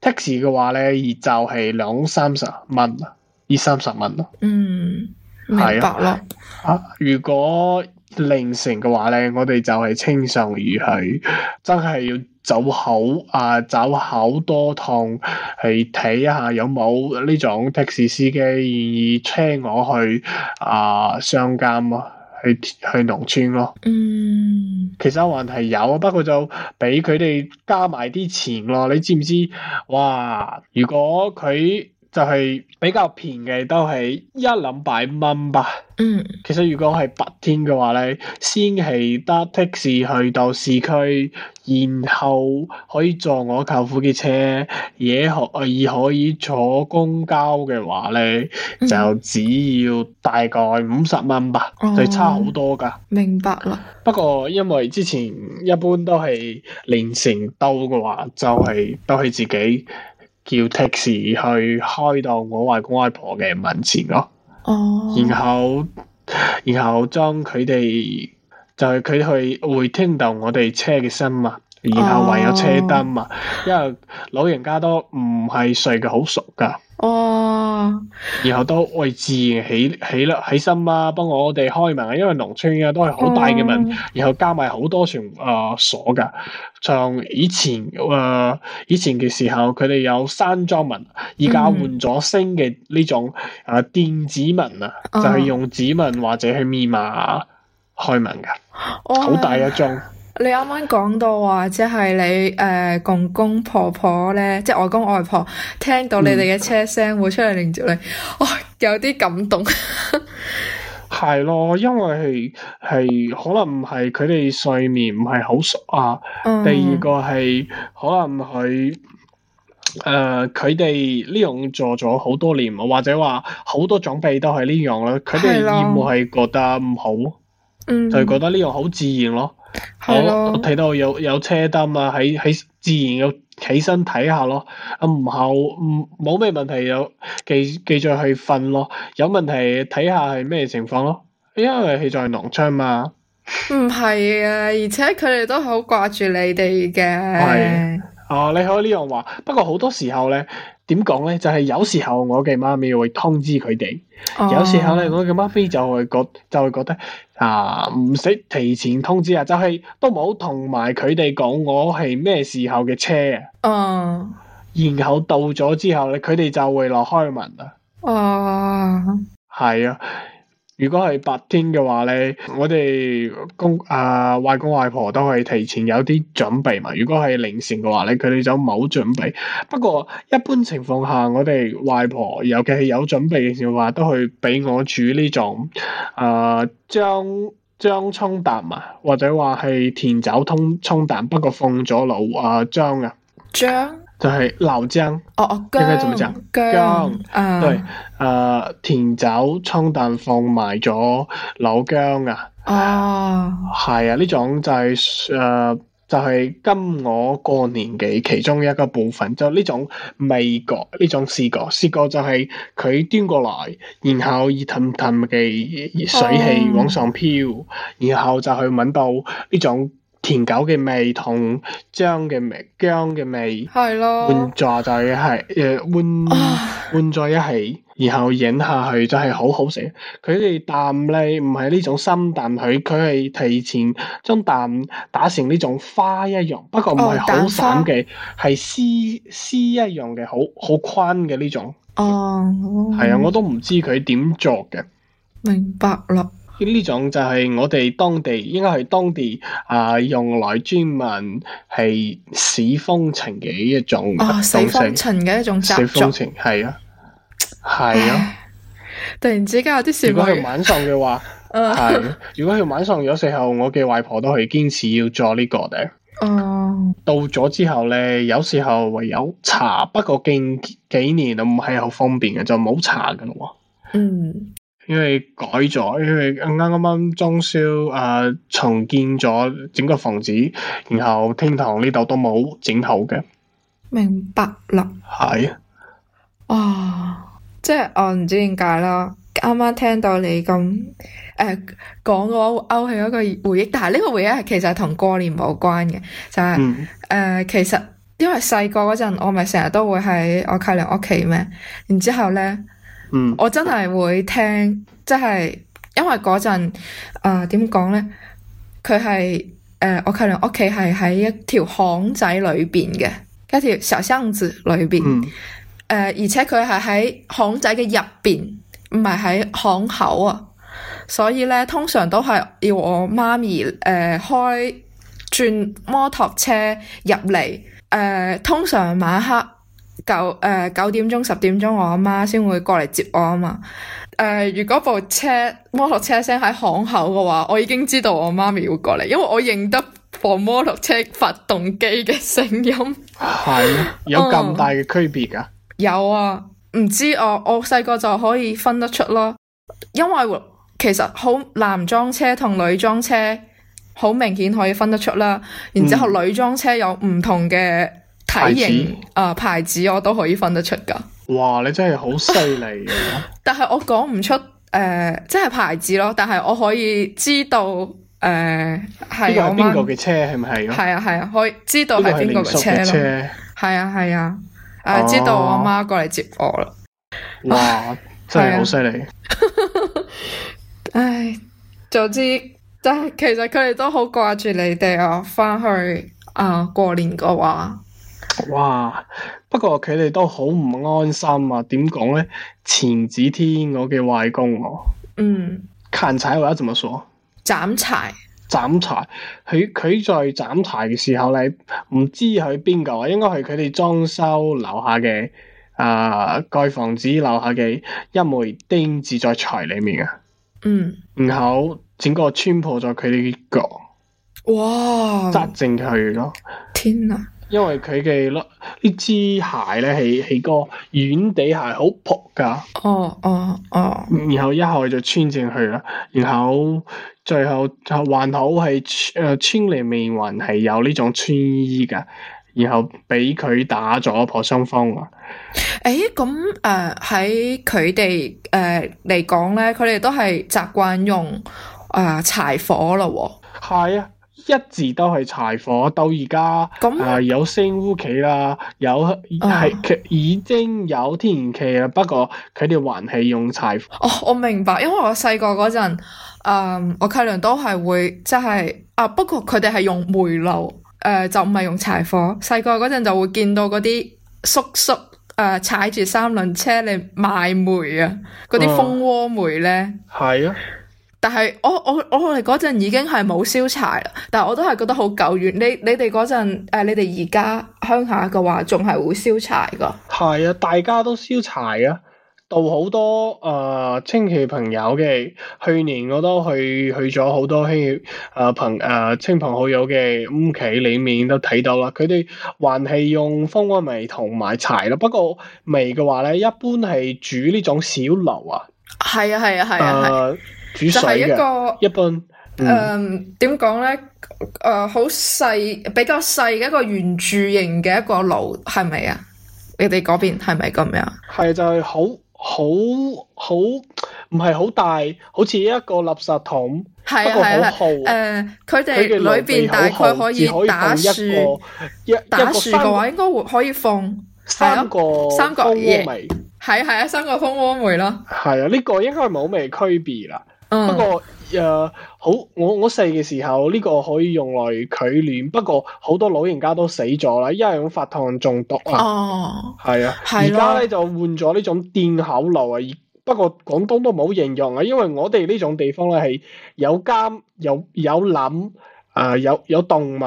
taxi 嘅話咧，就係兩三十蚊，二三十蚊咯。嗯。明白咯。啊，如果凌晨嘅話咧，我哋就係清上而係，真係要走好啊，走好多趟，去睇一下有冇呢種的士司機願意車我去啊，鄉間啊，去去農村咯。嗯。其實還係有，啊，不過就俾佢哋加埋啲錢咯。你知唔知？哇！如果佢就係比較平嘅，都係一兩百蚊吧。嗯，其實如果係白天嘅話咧，先係搭的士去到市區，然後可以坐我舅父嘅車，而可而可以坐公交嘅話咧，嗯、就只要大概五十蚊吧，嗯、就差好多㗎、哦。明白啦。不過因為之前一般都係凌晨兜嘅話，就係、係、都係自己。叫 taxi 去開到我外公外婆嘅門前咯，oh. 然後然後將佢哋就係佢哋會聽到我哋車嘅聲嘛，然後還有車燈嘛，oh. 因為老人家都唔係睡得好熟㗎。Oh. 然後都為自然起起啦，起心啊，幫我哋開門啊，因為農村啊都係好大嘅門，嗯、然後加埋好多層誒、呃、鎖噶。像以前誒、呃，以前嘅時候，佢哋有山莊門，而家換咗新嘅呢種、嗯、啊電子門啊，就係、是、用指紋或者係密碼開門噶，好、嗯、大一張。你啱啱講到話，即係你誒、呃、公公婆婆咧，即係外公外婆聽到你哋嘅車聲會出嚟迎接你，哇、嗯，有啲感動。係 咯，因為係係可能唔係佢哋睡眠唔係好熟啊，嗯、第二個係可能佢誒佢哋呢樣做咗好多年，或者話好多準備都係呢樣啦，佢哋唔會係覺得唔好，嗯、就係覺得呢樣好自然咯。我我睇到有有車燈啊，喺喺自然要起身睇下咯，咁唔好唔冇咩問題又繼繼續去瞓咯，有問題睇下係咩情況咯，因為佢在農村嘛。唔係啊，而且佢哋都好掛住你哋嘅。係哦、啊，你可以呢樣話，不過好多時候咧。點講呢？就係、是、有時候我嘅媽咪會通知佢哋，oh. 有時候呢，我嘅媽咪就會覺就會覺得，會覺得啊，唔使提前通知啊，就係都唔好同埋佢哋講我係咩時候嘅車啊。Oh. 然後到咗之後呢，佢哋就會落開門啦。哦，係啊。如果係白天嘅話咧，我哋公啊、呃、外公外婆都會提前有啲準備嘛。如果係凌晨嘅話咧，佢哋就冇準備。不過一般情況下，我哋外婆尤其係有準備嘅時候話，都去俾我煮呢種啊薑薑沖蛋啊，或者話係甜酒通沖蛋。不過放咗老、呃、啊薑嘅薑。就係老薑，哦哦，應該點樣講？薑，對，誒、呃，甜酒、蔥、蛋放埋咗老薑噶。哦，係啊，呢種就係、是、誒、呃，就係、是、今我過年嘅其中一個部分，就呢種味覺，呢種視覺，視覺就係佢端過來，然後熱騰騰嘅水氣往上飄，嗯、然後就去聞到呢種。甜狗嘅味同薑嘅味，薑嘅味，係咯換，混在就係誒，混混在一起，然後影下去就係、是、好好食。佢哋啖呢唔係呢種生蛋，佢佢係提前將蛋打成呢種花一樣，不過唔係好散嘅，係絲絲一樣嘅，好好寬嘅呢種。哦，係、嗯、啊，我都唔知佢點作嘅。明白啦。呢種就係我哋當地，應該係當地啊、呃，用來專門係市風情嘅一種，市風情嘅一種習俗，市風情係啊，係啊。 突然之間有啲事如， 如果係晚上嘅話，係。如果係晚上，有時候我嘅外婆都係堅持要做呢個嘅。哦。Uh, 到咗之後咧，有時候唯有查，不過近幾，幾年都唔係好方便嘅，就冇查嘅咯喎。嗯。 因為改咗，因為啱啱啱裝修啊，重建咗整個房子，然後廳堂呢度都冇整好嘅。明白啦。係啊是、哦。即係我唔知點解啦，啱啱聽到你咁誒、呃、講嘅，我勾起一個回憶，但係呢個回憶係其實同過年冇關嘅，就係、是、誒、嗯呃，其實因為細個嗰陣我咪成日都會喺我舅娘屋企咩，然之後咧。我真係會聽，即係因為嗰陣，誒點講咧？佢係誒我契娘屋企係喺一條巷仔裏邊嘅，一條小巷子裏邊。誒、嗯呃，而且佢係喺巷仔嘅入邊，唔係喺巷口啊。所以咧，通常都係要我媽咪誒、呃、開轉摩托車入嚟。誒、呃，通常晚黑。九誒，九點鐘十點鐘，我阿媽先會過嚟接我啊嘛。誒，如果部車摩托車聲喺巷口嘅話，我已經知道我媽咪會過嚟，因為我認得部摩托車發動機嘅聲音係 有咁大嘅區別噶？有啊，唔知啊，我我細個就可以分得出咯，因為其實好男裝車同女裝車好明顯可以分得出啦，然之後女裝車有唔同嘅、嗯。體型啊牌子、呃，牌子我都可以分得出噶。哇，你真係好犀利！ 但係我講唔出誒，即、呃、係牌子咯。但係我可以知道誒，係、呃、我媽邊個嘅車係咪？係係啊係啊，啊，可以知道係邊個嘅車咯。係啊係啊，啊，啊知道我媽過嚟接我啦。哇、哦，真係好犀利！ 是啊、 唉，總之但係其實佢哋都好掛住你哋啊。翻去啊、呃，過年嘅話。哇！不過佢哋都好唔安心啊！點講咧？前幾天我嘅外公、啊、嗯，砍柴或者怎麼說，斬柴，斬柴。佢佢在斬柴嘅時候咧，唔知佢邊個啊？應該係佢哋裝修樓下嘅，啊、呃，蓋房子樓下嘅一枚釘子在柴裡面啊！嗯，然後整個穿破咗佢哋嘅腳。哇！扎正佢咯！天啊！因為佢嘅咯，呢支鞋咧，係起個軟底鞋，好薄噶。哦哦哦。然後一下就穿進去啦，然後最後就還好係誒村裏面還係有呢種穿衣噶，然後俾佢打咗破傷風、哎呃呃呃哦、啊。誒咁誒喺佢哋誒嚟講咧，佢哋都係習慣用誒柴火啦喎。係啊。一直都係柴火，到而家啊有升屋企啦，有係、嗯、已經有天然氣啦，不過佢哋還係用柴火。哦，我明白，因為我細個嗰陣，我契娘都係會即係、就是、啊，不過佢哋係用煤爐，誒、呃、就唔係用柴火。細個嗰陣就會見到嗰啲叔叔誒、呃、踩住三輪車嚟賣煤啊，嗰啲蜂窩煤咧，係、嗯、啊。但係我我我哋嗰陣已經係冇燒柴啦，但係我都係覺得好久遠。你你哋嗰陣誒，你哋而家鄉下嘅話仲係會燒柴噶係啊，大家都燒柴啊，到好多誒親戚朋友嘅去年我都去去咗好多兄誒、呃、朋誒親朋好友嘅屋企裏面都睇到啦，佢哋還係用蜂窩煤同埋柴咯。不過煤嘅話咧，一般係煮呢種小爐啊。係啊係啊係啊。就係一個，一般，嗯，點講咧？誒，好細，比較細嘅一個圓柱形嘅一個爐，係咪啊？你哋嗰邊係咪咁樣？係就係好，好，好，唔係好大，好似一個垃圾筒，係啊，係啊，誒，佢哋裏邊大概可以打樹，打樹嘅話應該會可以放三個蜂窩煤，係係啊，三個蜂窩煤咯，係啊，呢個應該冇咩區別啦。不過誒、呃，好，我我細嘅時候呢、這個可以用來取暖，不過好多老人家都死咗啦，因為用發燙中毒、哦、啊。哦，係啊。係咯。而家咧就換咗呢種電口爐啊，不過廣東都冇形容啊，因為我哋呢種地方咧係有監有有冧啊，有有洞、呃、嘛，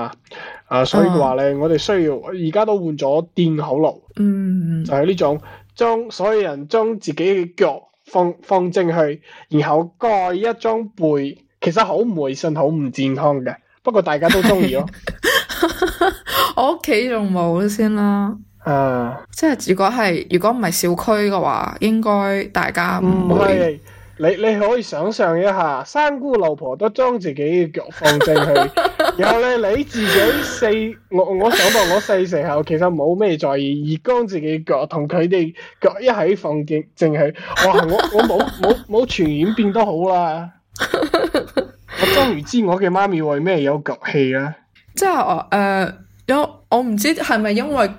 啊、呃，所以嘅話咧，哦、我哋需要而家都換咗電口爐。嗯。就係呢種將所有人將自己嘅腳。放放正去，然後蓋一張背，其實好唔衛生，好唔健康嘅。不過大家都中意咯。是的 我屋企仲冇先啦。誒，uh, 即係如果係如果唔係小區嘅話，應該大家唔會、嗯。你你可以想象一下，三姑老婆都將自己嘅腳放正去， 然後咧你自己四我我想到我細時候其實冇咩在意，而將自己腳同佢哋腳一齊放正去，淨係哇我我冇冇冇傳染變得好啦，我終於知我嘅媽咪為咩有腳氣啦、啊，即係、呃、我誒因我唔知係咪因為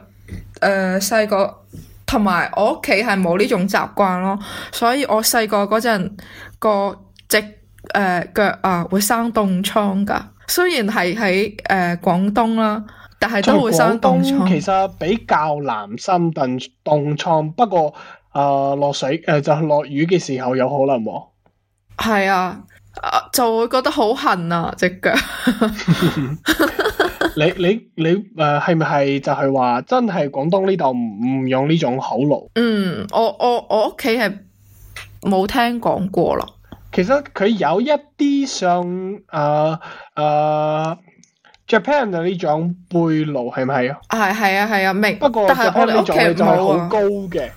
誒細個。呃同埋我屋企係冇呢種習慣咯，所以我細個嗰陣個隻誒腳啊會生凍瘡噶。雖然係喺誒廣東啦，但係都會生凍瘡。其實比較難生凍凍瘡，不過啊落，呃、水誒，呃、就落雨嘅時候有可能喎，哦。係啊，啊，就會覺得好痕啊隻腳。隻腳 你你你誒係咪係就係話真係廣東呢度唔用呢種口爐？嗯，我我我屋企係冇聽講過啦。其實佢有一啲像誒誒、呃呃、Japan 嘅呢種背爐係咪？係啊？係係啊，係啊，明。不過但係呢種就係好高嘅。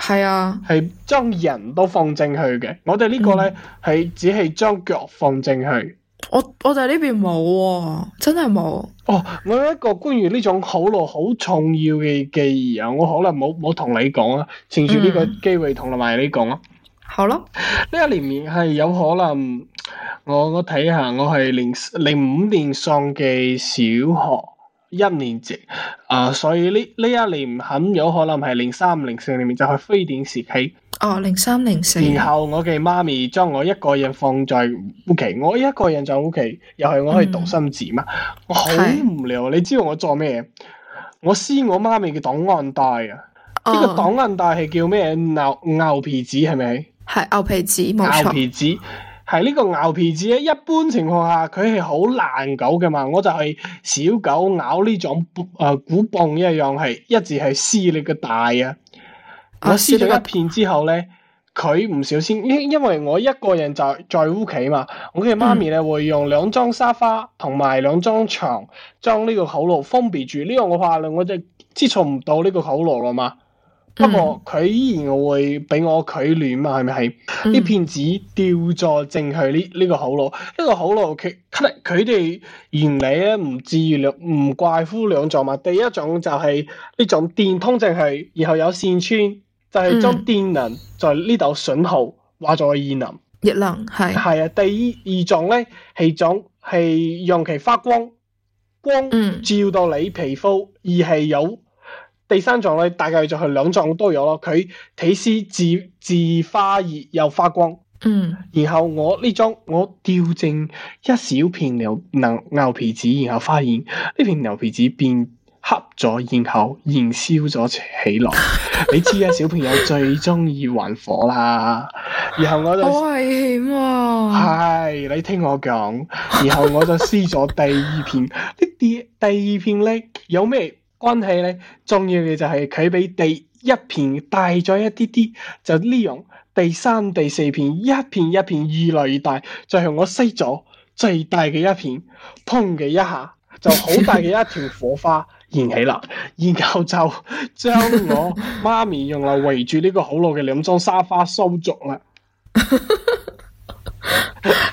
係啊，係將人都放正去嘅。啊、我哋呢個咧係只係將腳放正去。嗯。我我哋呢邊冇，真係冇。哦，我有一個關於呢種好老好重要嘅記憶啊，我可能冇冇同你講啊，趁住呢個機會同埋你講啊、嗯。好咯，呢一年係有可能，我看看我睇下，我係零零五年上嘅小學一年級啊、呃，所以呢呢一年很有可能係零三零四年就係非典時期。哦，零三零四。然後我嘅媽咪將我一個人放在屋企，我一個人在屋企，又係我可以獨生子嘛？嗯、我好無聊，是你知道我做咩？我撕我媽咪嘅檔案袋啊！呢、哦、個檔案袋係叫咩？牛牛皮紙係咪？係牛皮紙，冇錯，牛皮紙係呢個牛皮紙咧，一般情況下佢係好難搞嘅嘛。我就係小狗咬呢種誒鼓棒一樣，係一直係撕你嘅帶啊！我撕咗一片之後咧，佢唔小心，因因為我一個人在在屋企嘛，我嘅媽咪咧、嗯、會用兩張沙發同埋兩張床將呢個口爐封閉住，呢個我怕我就接觸唔到呢個口爐啦嘛。不過佢依然會俾我佢暖嘛，係咪？呢、嗯、片紙掉咗淨係呢呢個烤爐，呢個口爐佢佢哋原理咧唔至於兩唔怪乎兩座嘛，第一種就係呢種電通淨係，然後有線穿。係將、嗯、電能在呢度損耗，化作熱能。熱能係係啊，第二二狀咧，係種係用其發光，光照到你皮膚，而係有第三狀咧，大概就係兩狀都有咯。佢體是自自發熱又發光。嗯，然後我呢張我調正一小片牛牛牛皮紙，然後發現呢片牛皮紙變。吸咗，然後燃燒咗起來。你知啊，小朋友最鍾意玩火啦。然後我就好 危險喎。係，你聽我講。然後我就撕咗第二片。呢啲第二片咧，有咩關係咧？重要嘅就係佢比第一片大咗一啲啲。就呢樣，第三、第四片，一片一片越來越大。就係我撕咗最大嘅一片，砰嘅一下，就好大嘅一條火花。 燃起啦，然後就將我媽咪用嚟圍住呢個好老嘅兩張沙發收咗啦。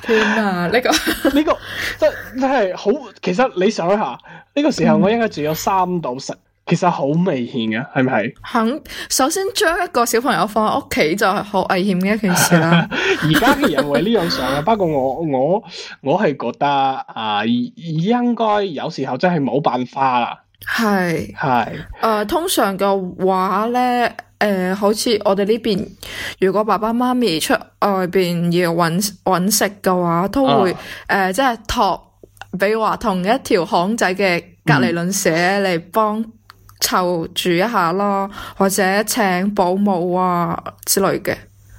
天啊！呢個呢個真真係好。其實你想一下，呢、呢個時候我應該住有三到十，嗯、其實好危險嘅，係咪？肯首先將一個小朋友放喺屋企就係好危險嘅一件事啦。而家嘅人為呢樣想，不過 我我我係覺得啊、呃，應該有時候真係冇辦法啦。係係，誒是是、呃，通常嘅話咧，誒、呃，好似我哋呢邊，如果爸爸媽咪出外邊要搵搵食嘅話，都會誒、啊呃，即係托，比如話同一條巷仔嘅隔籬鄰舍嚟幫湊、嗯、住一下咯，或者請保姆啊之類嘅。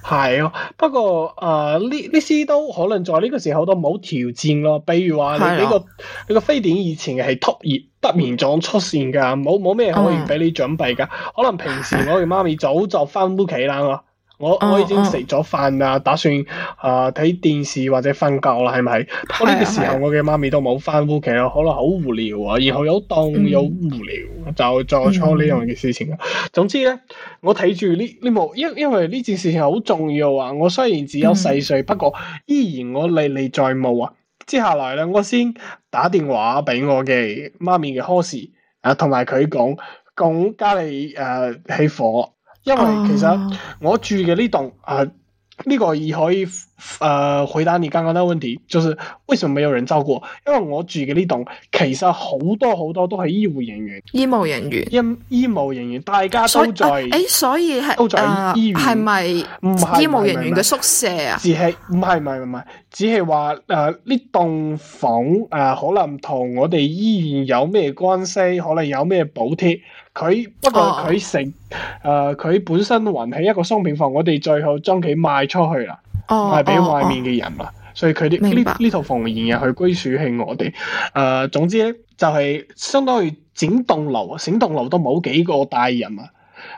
係咯，不過誒呢呢啲都可能在呢個時候都冇挑戰咯。比如話你呢的個呢個非典以前嘅係突然突面狀出現噶，冇冇咩可以俾你準備噶。嗯，可能平時我哋媽咪早就返屋企啦。我我已經食咗飯啦，oh, oh. 打算啊睇、呃、電視或者瞓覺啦，係咪？我呢個時候我嘅媽咪都冇返屋企啦，可能好無聊啊，然後又凍又無聊，mm. 就做錯呢樣嘅事情。Mm. 總之咧，我睇住呢呢幕，因因為呢件事情好重要啊。我雖然只有四歲，mm. 不過依然我歷歷在目啊。接下來咧，我先打電話俾我嘅媽咪嘅科士啊，同埋佢講講家裏誒起火。因為其實我住嘅呢棟，誒、呃，呢、這個亦可以誒回答你剛剛嗰個問題，就是為什麼沒有人照顧？因為我住嘅呢棟其實好多好多都係醫護人員，醫員、醫務人員、醫醫務人員，大家都在、啊、誒，所以係都在醫院，係咪、呃？唔係醫務人員嘅宿舍啊？唔係、啊，唔係，唔係，只係話誒呢棟房誒、呃、可能同我哋醫院有咩關係？可能有咩補貼？佢不過佢食，誒、呃、佢本身還喺一個商品房，我哋最後將佢賣出去啦，賣俾外面嘅人啦，哦哦哦、所以佢啲呢呢套房仍然係歸屬喺我哋。誒、呃，總之呢就係、是、相當於整棟樓，整棟樓都冇幾個大人啊。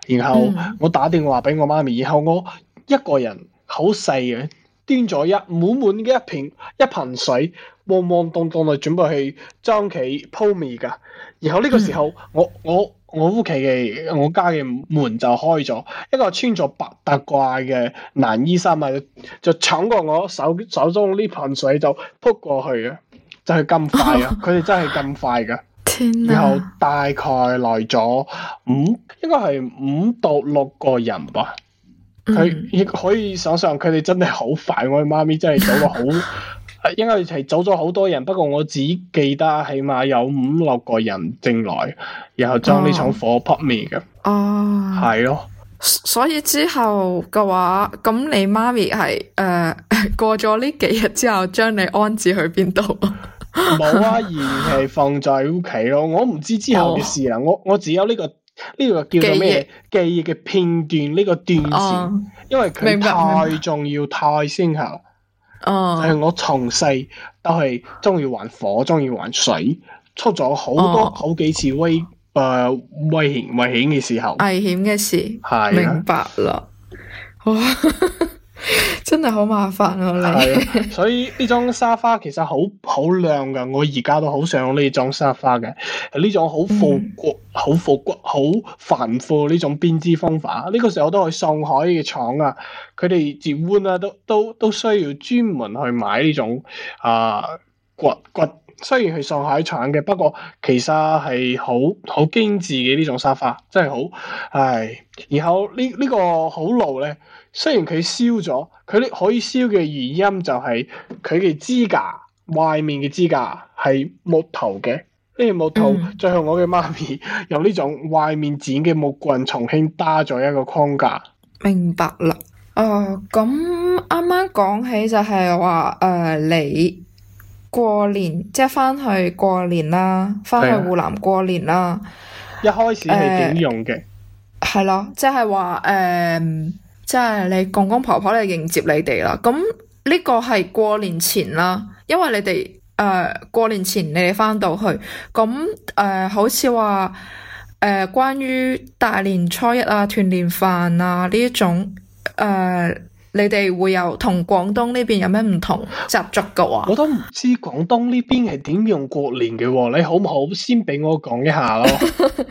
然後我打電話俾我媽咪，然後我一個人好細嘅，端咗一滿滿嘅一瓶一盆水，汪汪東東就準備去將佢鋪面噶。然後呢個時候我我。嗯我屋企嘅我家嘅門就開咗，一個穿咗白大褂嘅男醫生啊，就搶過我手手中呢盆水就撲過去嘅，就係、是、咁快啊！佢哋、哦、真係咁快㗎，哪然後大概來咗五，應該係五到六個人吧。佢亦、嗯、可以想象佢哋真係好快，我媽咪真係走咗好。 因為係走咗好多人，不過我只記得起碼有五六個人正來，然後將呢場火撲滅嘅。啊，係咯。所以之後嘅話，咁你媽咪係誒過咗呢幾日之後，將你安置去邊度？冇 啊，而係放在屋企咯。我唔知之後嘅事啦。Oh. 我我只有呢、這個呢、這個叫做咩記憶嘅片段呢、這個斷片，oh. 因為佢白太重要太先後。誒，我從細都係中意玩火，中意玩水，出咗好多，哦，好幾次危誒，呃，危險危險嘅時候，危險嘅事，啊，明白啦。 真係好麻煩啊！你，所以呢種沙發其實好好靚噶，我而家都好想用呢種沙發嘅。呢種好復古、好復、嗯、古、好繁複呢種編織方法。呢、這個時候都去上海嘅廠啊，佢哋接彎啊，都都都需要專門去買呢種啊骨骨。雖然係上海廠嘅，不過其實係好好精致嘅呢種沙發，真係好唉。然後、這個這個、呢呢個好老咧。雖然佢燒咗，佢啲可以燒嘅原因就係佢嘅支架，外面嘅支架係木頭嘅，呢個木頭，嗯、最後我嘅媽咪用呢種外面剪嘅木棍重新搭咗一個框架。明白啦，啊、呃，咁啱啱講起就係話誒，你過年即係翻去過年啦，翻去湖南過年啦。的呃、一開始係點用嘅？係咯，即係話誒。呃即係你公公婆婆嚟迎接你哋啦，咁呢個係過年前啦，因為你哋誒、呃、過年前你哋翻到去，咁誒、呃、好似話誒關於大年初一啊、團年飯啊呢一種誒、呃，你哋會有同廣東呢邊有咩唔同習俗嘅話，我都唔知廣東呢邊係點樣過年嘅，你好唔好先俾我講一下咯？誒、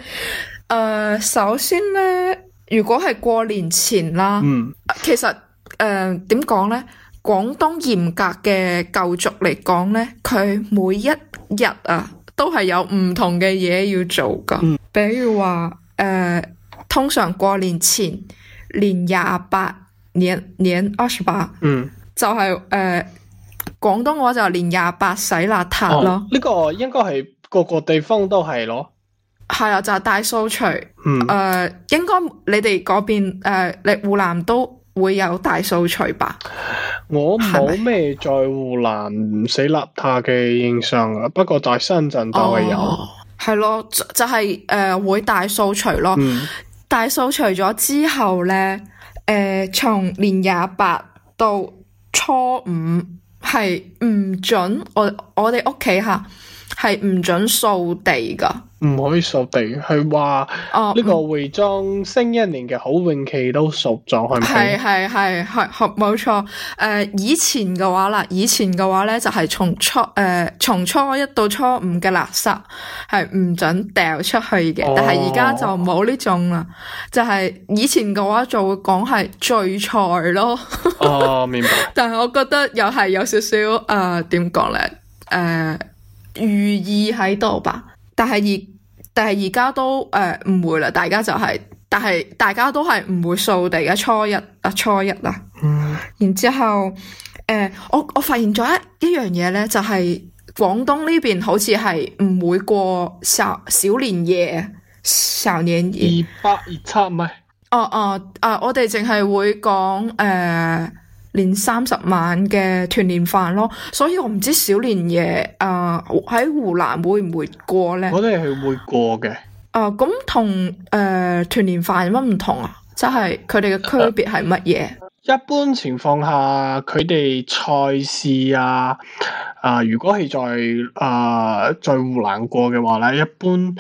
呃，首先咧。如果係過年前啦，嗯、其實誒點講咧？廣東嚴格嘅舊俗嚟講咧，佢每一日啊，都係有唔同嘅嘢要做㗎。嗯，比如話誒、呃，通常過年前年廿八，年年二十八，28，嗯，就係、是、誒、呃、廣東嘅話就年廿八洗邋遢咯。呢、哦這個應該係個個地方都係咯。係啊，就大掃除。誒 應該你哋嗰邊、呃、你湖南都會有大掃除吧？ 我冇咩在湖南唔死邋遢嘅印象啊。不過在深圳都係有，係、 哦、咯，就係、是、誒、呃、會大掃除咯。 大掃除咗之後咧，誒、呃、從年廿八到初五係唔準我我哋屋企嚇係唔準掃地噶。唔可以掃地去，話哦呢個會將新一年嘅好運氣都掃咗，係咪、嗯？係係係係冇錯。誒、呃，以前嘅話啦，以前嘅話咧就係從初誒從、呃、初一到初五嘅垃圾係唔准掉出去嘅，哦、但係而家就冇呢種啦。就係、是、以前嘅話就會講係聚財咯 。哦，明白。但係我覺得又係有少少誒，點講咧？誒、寓、呃、意喺度吧。但係而但係而家都誒唔會啦，大家就係、是，但係大家都係唔會掃地嘅初一啊，初一啊，嗯、然之後誒、呃，我我發現咗一一樣嘢咧，就係、是、廣東呢邊好似係唔會過小小,小年夜，小年夜二八二七唔係，哦哦啊、呃，我哋淨係會講誒。呃年三十晚嘅團年飯咯，所以我唔知小年夜啊喺、呃、湖南會唔會過咧？我哋係會過嘅。啊、呃，咁同誒團年飯有乜唔同啊？即係佢哋嘅區別係乜嘢？一般情況下，佢哋菜式啊，啊、呃，如果係在啊、呃、在湖南過嘅話咧，一般。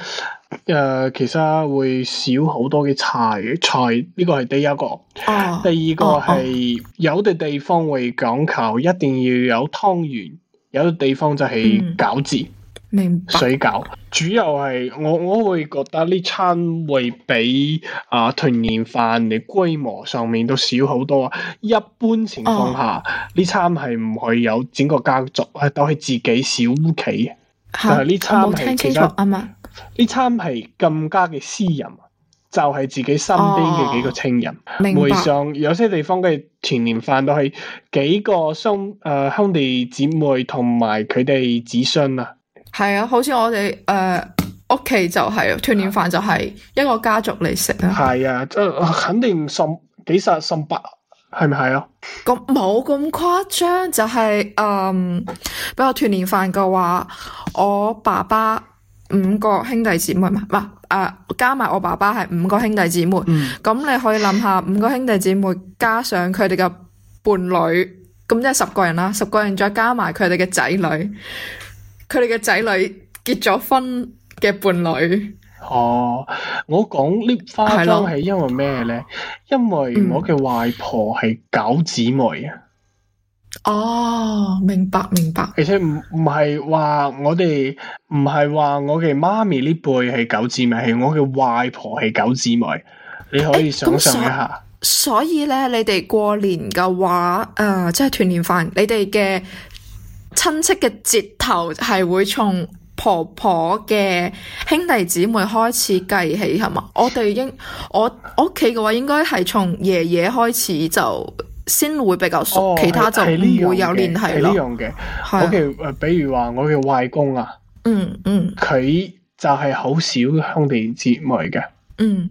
誒，uh, 其實會少好多嘅菜菜，呢個係第一個。Oh, 第二個係、oh, oh. 有啲地方會講求一定要有湯圓，有啲地方就係餃子、水餃。主要係我我會覺得呢餐會比啊團年飯嘅規模上面都少好多。一般情況下，呢、oh. 餐係唔會有整個家族，係都係自己小屋企。吓哈，但餐我冇聽清楚啊嘛。其呢餐係更加嘅私人，就係、是、自己身邊嘅幾個親人。會、哦、上有些地方嘅團年飯都係幾個兄誒、呃、兄弟姐妹同埋佢哋子孫啊。係啊，好似我哋誒屋企就係、是、團年飯，就係一個家族嚟食啊。係、呃、啊，即肯定送幾十、送百，係咪係啊？咁冇咁誇張，就係、是、誒，比、嗯、較團年飯嘅話，我爸爸。五個兄弟姐妹嘛，嗱、啊，加埋我爸爸係五個兄弟姐妹，咁、嗯、你可以諗下，五個兄弟姐妹加上佢哋嘅伴侶，咁即係十個人啦，十個人再加埋佢哋嘅仔女，佢哋嘅仔女結咗婚嘅伴侶。哦，我講呢番話係因為咩咧？嗯、因為我嘅外婆係九姊妹啊。哦，明白明白。而且唔唔係話我哋，唔係話我嘅媽咪呢輩係九姊妹，係我嘅外婆係九姊妹。你可以誒想象一下。想所以咧，你哋過年嘅話，誒、呃，即係團年飯，你哋嘅親戚嘅折頭係會從婆婆嘅兄弟姊妹開始計起，係嘛？我哋應 我我屋企嘅話，應該係從爺爺開始就。先會比較熟，哦、其他就唔會有聯繫，係呢樣嘅，我嘅誒，比如話我嘅外公啊，嗯嗯，佢、嗯、就係好少兄弟姊妹嘅，嗯，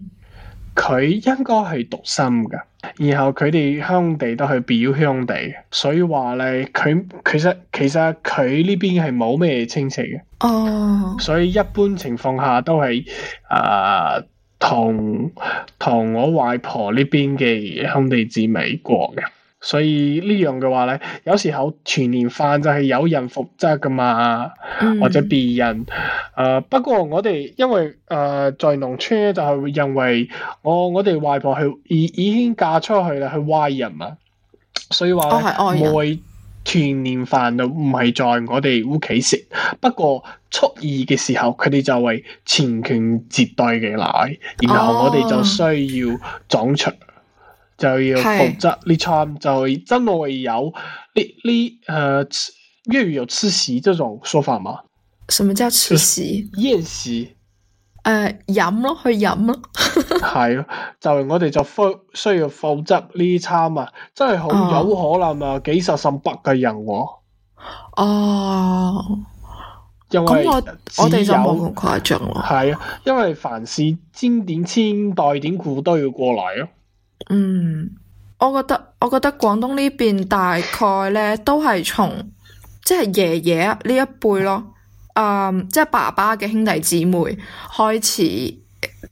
佢應該係獨生嘅，然後佢哋兄弟都係表兄弟，所以話咧，佢其實其實佢呢邊係冇咩親戚嘅，哦，所以一般情況下都係啊。呃同同我外婆呢邊嘅兄弟至美國嘅，所以呢樣嘅話咧，有時候全年飯就係有人負責㗎嘛，嗯、或者別人。誒、呃，不過我哋因為誒、呃、在農村咧，就係會認為、呃、我我哋外婆係已已經嫁出去啦，係外人嘛，所以話咧唔會。團年飯就唔係在我哋屋企食，不過初二嘅時候佢哋就會全權接待嘅奶，然後我哋就需要掌場，哦、就要負責呢餐，是場就會真係有呢呢誒粵語有吃席這種說法嗎？什麼叫吃席？宴席。誒，飲咯、呃，去飲咯，係 咯、啊，就係、我哋就需需要負責呢餐啊，真係好有可能啊，幾十上百嘅人喎、啊。哦，咁因為、嗯嗯、我由我哋就冇咁誇張咯。係啊，因為凡事千點千代點古都要過嚟咯、啊。嗯，我覺得我覺得廣東呢邊大概咧都係從即係爺爺呢一輩咯。嗯，即係爸爸嘅兄弟姊妹開始，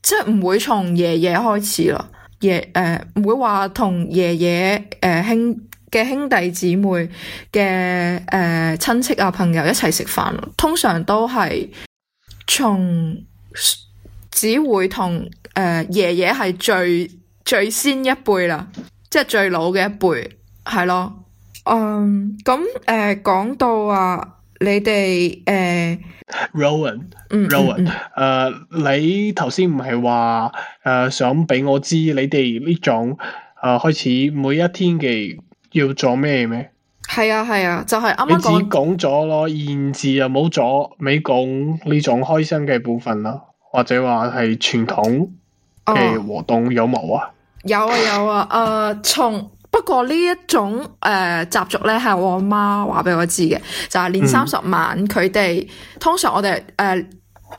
即係唔會從爺爺開始咯，爺誒唔會話同爺爺誒兄嘅兄弟姊妹嘅誒親戚啊朋友一齊食飯咯，通常都係從只會同誒爺爺係最最先一輩啦，即係最老嘅一輩係咯。嗯，咁誒講到啊。你哋誒，Rowan，嗯，Rowan，誒、嗯呃，你頭先唔係話誒想俾我知你哋呢種誒、呃、開始每一天嘅要做咩咩？係啊係啊，就係啱啱講。你只講咗咯，現字又冇咗，未講呢種開心嘅部分啦，或者話係傳統嘅活動有冇、哦、啊？有啊有啊，誒、呃、從。不過呢一種誒習俗咧，係我阿媽話俾我知嘅，就係年三十晚佢哋通常我哋誒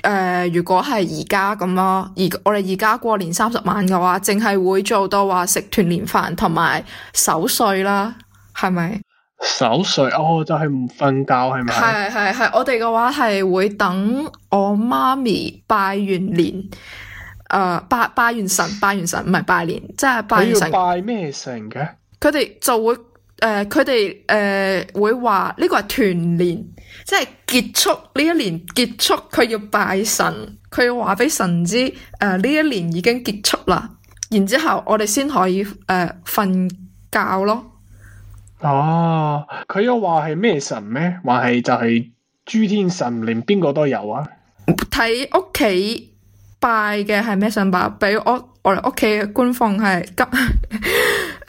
誒，如果係而家咁咯，而我哋而家過年三十晚嘅話，淨係會做到話食團年飯同埋守歲啦，係咪？守歲，哦，就係唔瞓覺係咪？係係係，我哋嘅話係會等我媽咪拜完年，誒拜拜完神拜完神唔係拜年，即係拜，拜神。你要拜咩神嘅？佢哋就會誒，佢哋誒會話呢個係團年，即係結束呢一年，結束佢要拜神，佢要話俾神知，誒、呃、呢一年已經結束啦，然之後我哋先可以誒瞓、呃、覺咯。哦，佢又話係咩神咩？還係就係諸天神靈，邊個都有啊？睇屋企拜嘅係咩神吧，比如我我哋屋企官方係吉。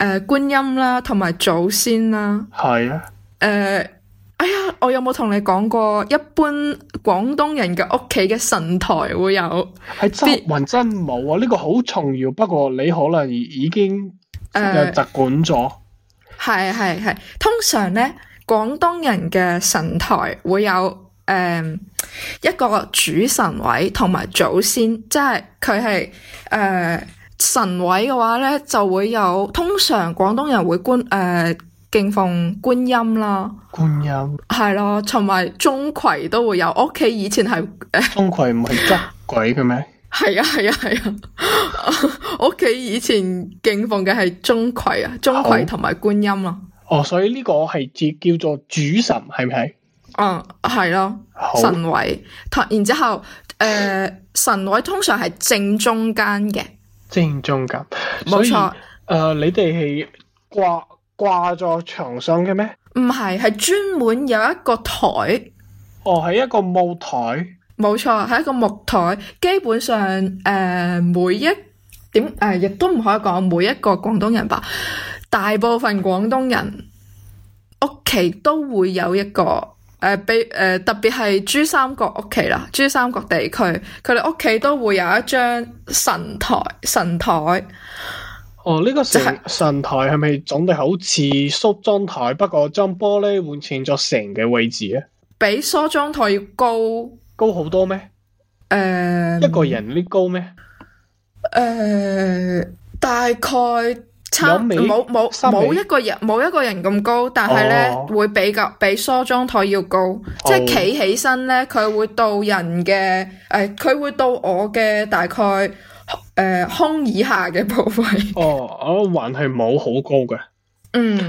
誒、呃、觀音啦，同埋祖先啦，係啊！誒、呃，哎呀，我有冇同你講過？一般廣東人嘅屋企嘅神台會有，係啲雲真冇啊！呢個好重要，不過你可能已經有習慣咗。係係係，通常咧，廣東人嘅神台會有誒、呃、一個主神位，同埋祖先，即係佢係誒。呃神位嘅話咧，就會有通常廣東人會觀誒、呃、敬奉觀音啦，觀音係咯，同埋鍾馗都會有。屋企以前係誒，鍾馗唔係執鬼嘅咩？係啊係，啊係啊！屋企 以前敬奉嘅係鍾馗啊，鍾馗同埋觀音咯。哦，所以呢個係叫叫做主神係唔係？是是嗯，係咯，好神位然之後誒、呃，神位通常係正中間嘅。正宗㗎，冇錯。誒、呃，你哋係掛掛咗牆上嘅咩？唔係，係專門有一個台。哦，係一個木台。冇錯，係一個木台。基本上，誒、呃，每一點誒、呃，亦都唔可以講每一個廣東人吧。大部分廣東人屋企都會有一個。誒，uh, 比誒，uh, 特別係珠三角屋企啦，珠三角地區，佢哋屋企都會有一張神台，神台。哦，呢、這個神、就是、神台係咪總得好似梳妝台，不過將玻璃換成咗成嘅位置咧？比梳妝台要高高好多咩？誒、呃，一個人啲高咩？誒、呃，大概。差冇冇冇一個人，冇一個人咁高，但係咧、oh. 會比較比梳妝台要高，oh. 即係企起身咧，佢會到人嘅誒，佢、呃、會到我嘅大概誒胸、呃、以下嘅部位。哦、oh. oh.，我還係冇好高嘅。嗯，誒、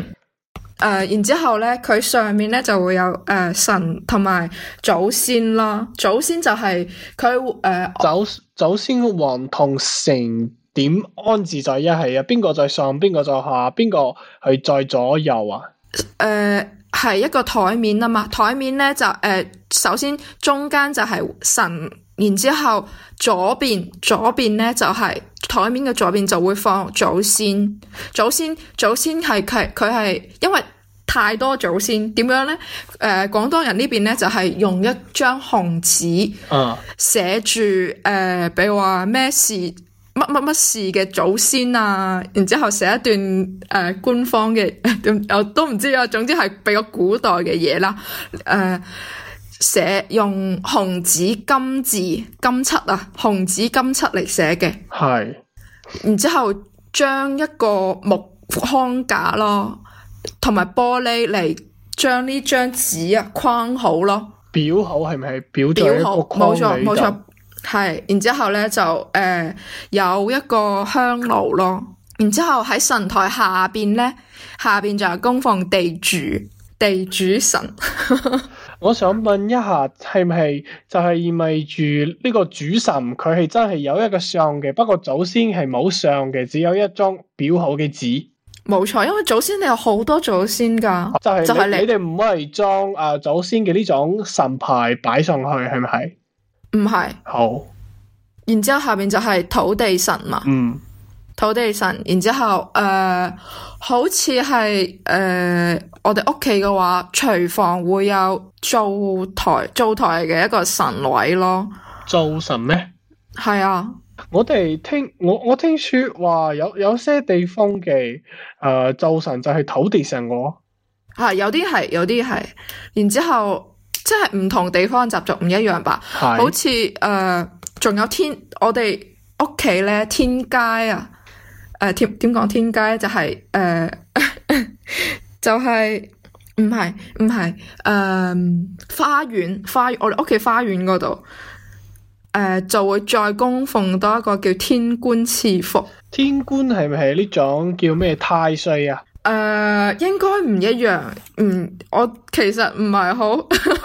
呃、然之後咧，佢上面咧就會有誒、呃、神同埋祖先咯。祖先就係佢誒。祖祖先嘅黃同成。點安置在一係啊？邊個在上？邊個在下？邊個係在左右啊？誒、呃，係一個台面啊嘛，台面咧就誒、呃，首先中間就係神，然之後左邊左邊咧就係、是、台面嘅左邊就會放祖先，祖先祖先係佢佢係因為太多祖先，點樣咧？誒、呃，廣東人邊呢邊咧就係、是、用一張紅紙，嗯，寫住誒，比如話咩事。乜乜乜事嘅祖先啊，然之後寫一段誒、呃、官方嘅，我、嗯、都唔知啊，總之係比較古代嘅嘢啦。誒、呃，寫用紅紙金字金漆啊，紅紙金漆嚟寫嘅。係是。然之後將一個木框架咯，同埋玻璃嚟將呢張紙啊框好咯。表口係咪表在一個框裏頭？表係，然之後咧就誒、呃、有一個香爐咯，然之後喺神台下邊咧，下邊就係供奉地主，地主神。 我想問一下，係咪就係意味住呢個主神？佢係真係有一個相嘅，不過祖先係冇相嘅，只有一張裱好嘅紙。冇錯，因為祖先你有好多祖先噶，就係你就你哋唔可以裝誒、啊、祖先嘅呢種神牌擺上去，係唔係？唔係，好，oh. 然之後下面就係土地神嘛，嗯，mm. 土地神，然之後誒、呃，好似係誒，我哋屋企嘅話，廚房會有灶台灶台嘅一個神位咯，灶神咩？係啊，我哋聽我我聽說話有有些地方嘅誒灶神就係土地神喎、哦，吓、啊、有啲係有啲係，然之後。即係唔同地方習俗唔一樣吧？是好似誒，仲、呃、有天，我哋屋企咧天街啊，誒，點點講天街就係誒，就係唔係唔係誒，花園花，我哋屋企花園嗰度，誒、呃，就會再供奉多一個叫天官賜福。天官係咪係呢種叫咩太歲啊？誒，uh, 應該唔一樣。嗯，我其實唔係好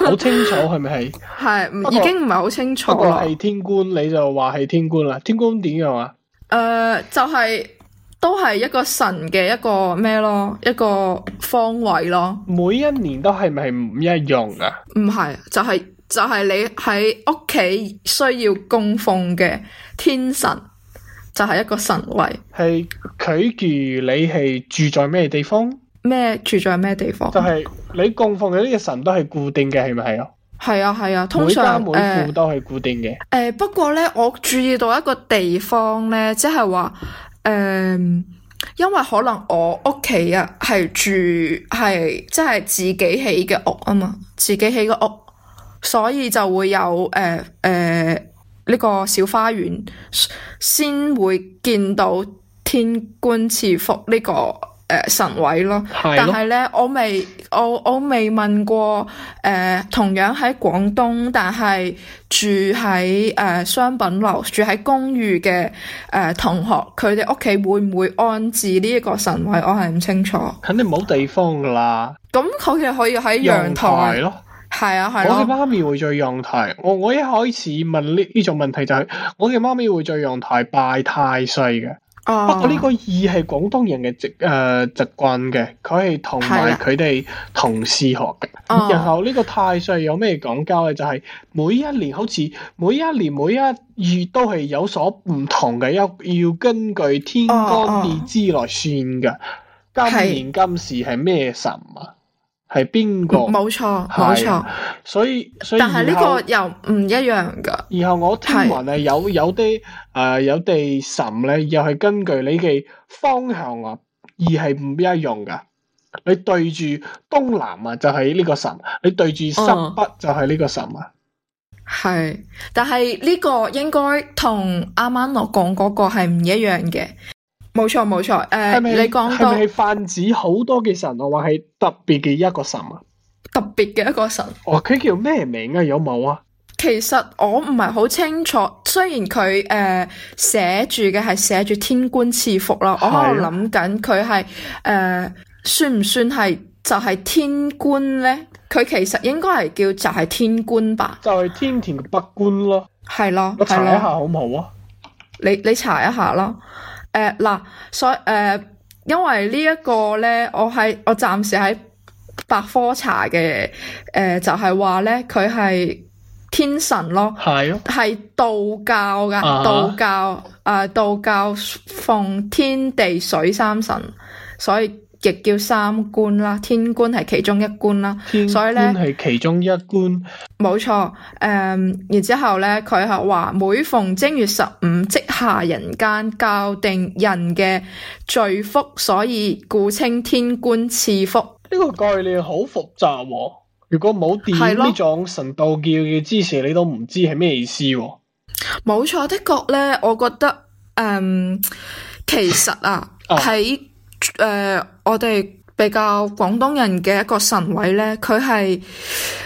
好清楚係咪係。係是，那個、已經唔係好清楚。不過係天官，你就話係天官啦。天官點樣啊？誒、uh, 就是，就係都係一個神嘅一個咩咯，一個方位咯。每一年都係咪唔一樣噶、啊？唔係，就係、是、就係、是、你喺屋企需要供奉嘅天神。就係一個神位，係佢住你係住在咩地方？咩住在咩地方？就係你供奉嘅呢個神都係固定嘅，係咪係咯？係啊係啊，通常、呃、每家每戶都係固定嘅。誒、呃呃，不過咧，我注意到一個地方咧，即係話，誒、呃，因為可能我屋企啊係住係即係自己起嘅屋啊嘛，自己起嘅屋，所以就會有誒誒。呃呃呢個小花園先會見到天官賜福呢個誒、呃、神位咯， 但係咧我未我我未問過誒、呃、同樣喺廣東但係住喺誒、呃、商品樓住喺公寓嘅誒、呃、同學，佢哋屋企會唔會安置呢一個神位？我係唔清楚。肯定冇地方㗎啦。咁佢哋可以喺陽，陽台咯。係啊，係啊。我嘅媽咪會在陽台，我我一開始問呢呢種問題就係、是，我嘅媽咪會在陽台拜太歲嘅。哦。不過呢個二係廣東人嘅習誒習慣嘅，佢係同埋佢哋同事學嘅。啊、然後呢個太歲有咩講究咧？哦、就係每一年好似每一年每一月都係有所唔同嘅，一要根據天干地支來算㗎。哦、今年今時係咩神啊？係邊個？冇錯，冇錯。所以，所以，但係呢個又唔一樣噶。然後我聽聞係有是有啲誒，有啲、呃、神咧，又係根據你嘅方向啊，而係唔一樣噶。你對住東南啊，就係呢個神；你對住西北，就係呢個神啊。係、嗯，但係呢個應該同啱啱我講嗰個係唔一樣嘅。冇錯冇錯，誒，你講到係咪泛指好多嘅神，我還係特別嘅一個神啊？特別嘅一個神，個神哦，佢叫咩名啊？有冇啊？其實我唔係好清楚，雖然佢誒寫住嘅係寫住天官賜福啦，我喺度諗緊佢係誒算唔算係就係、是、天官咧？佢其實應該係叫就係天官吧？就係天庭嘅北官咯，係咯，我查一下好唔好啊？你你查一下咯。誒嗱，所誒，因為呢一個咧，我喺我暫時喺百科查嘅，誒、呃、就係話咧，佢係天神咯，係咯，係 道教嘅、uh huh. 道教啊、呃，道教奉天地水三神，所以。亦叫三官啦，天官係其中一官啦，所以咧係其中一官，冇錯。誒、嗯，然之後咧，佢係話每逢正月十五即下人間，教定人嘅罪福，所以故稱天官賜福。呢個概念好複雜、哦，如果冇電呢種神道教嘅支持，的你都唔知係咩意思、哦。冇錯，的確咧，我覺得誒、嗯，其實啊喺。 哦誒、呃，我哋比較廣東人嘅一個神位咧，佢係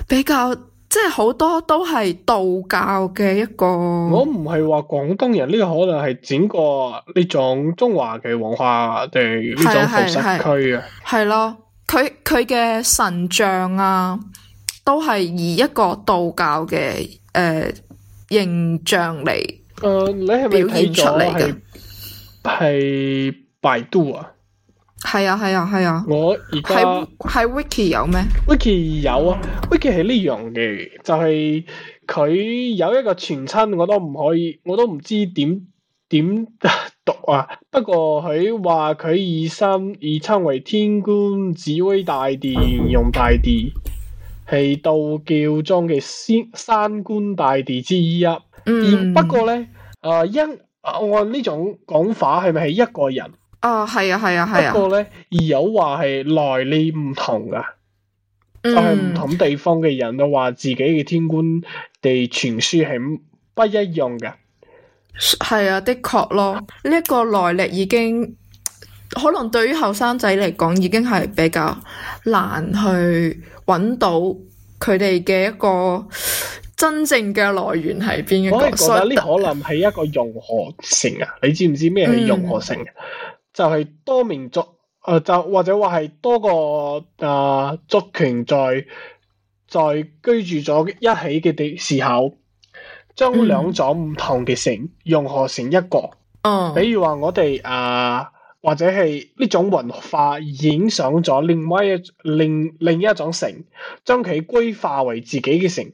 比較即係好多都係道教嘅一個。我唔係話廣東人，呢、這個可能係整個呢種中華嘅文化定係呢種保護區啊。係咯、啊，佢佢嘅神像啊，都係以一個道教嘅誒、呃、形象嚟。誒，你係咪表現出嚟嘅係百度啊？係啊係啊係啊！啊，我而家係係 Wiki 有咩？Wiki 有啊，Wiki 係呢樣嘅，就係、是、佢有一個全稱，我都唔可以，我都唔知點點讀啊。不過佢話佢以身以稱為天官指，紫微大帝用大帝係道教中嘅三三官大帝之一，啊。嗯，不過咧，誒、呃、因按呢種講法，係咪係一個人？哦、啊，係啊，係啊，係啊。不過咧，而有話係來歷唔同噶，係唔、嗯、同地方嘅人都話自己嘅天官地傳書係不一樣嘅。係啊，的確咯。呢、這、一個來歷已經可能對於後生仔嚟講，已經係比較難去揾到佢哋嘅一個真正嘅來源係邊。我係覺得呢，以可能係一個融合性啊。嗯、你知唔知咩係融合性、啊？就係多民族，誒、呃，就或者話係多個誒、呃、族群在在居住咗一起嘅地時候，將兩種唔同嘅城融合成一個，嗯、比如話我哋誒、呃、或者係呢種文化影響咗另外一另另一種城，將佢歸化為自己嘅城。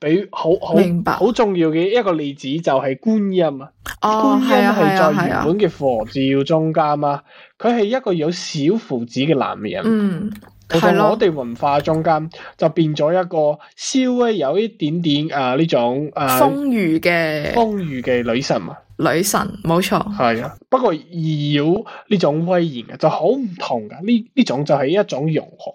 比好好好白重要嘅一個例子就係觀音啊，哦、觀音係在原本嘅佛教中間、哦、啊，佢係、啊啊、一個有小鬍子嘅男人，喺、嗯啊、我哋文化中間就變咗一個稍微有一點點啊呢種啊豐腴嘅豐腴嘅女神啊，女神冇錯，係啊，不過而妖呢種威嚴嘅就好唔同噶，呢呢種就係一種融合，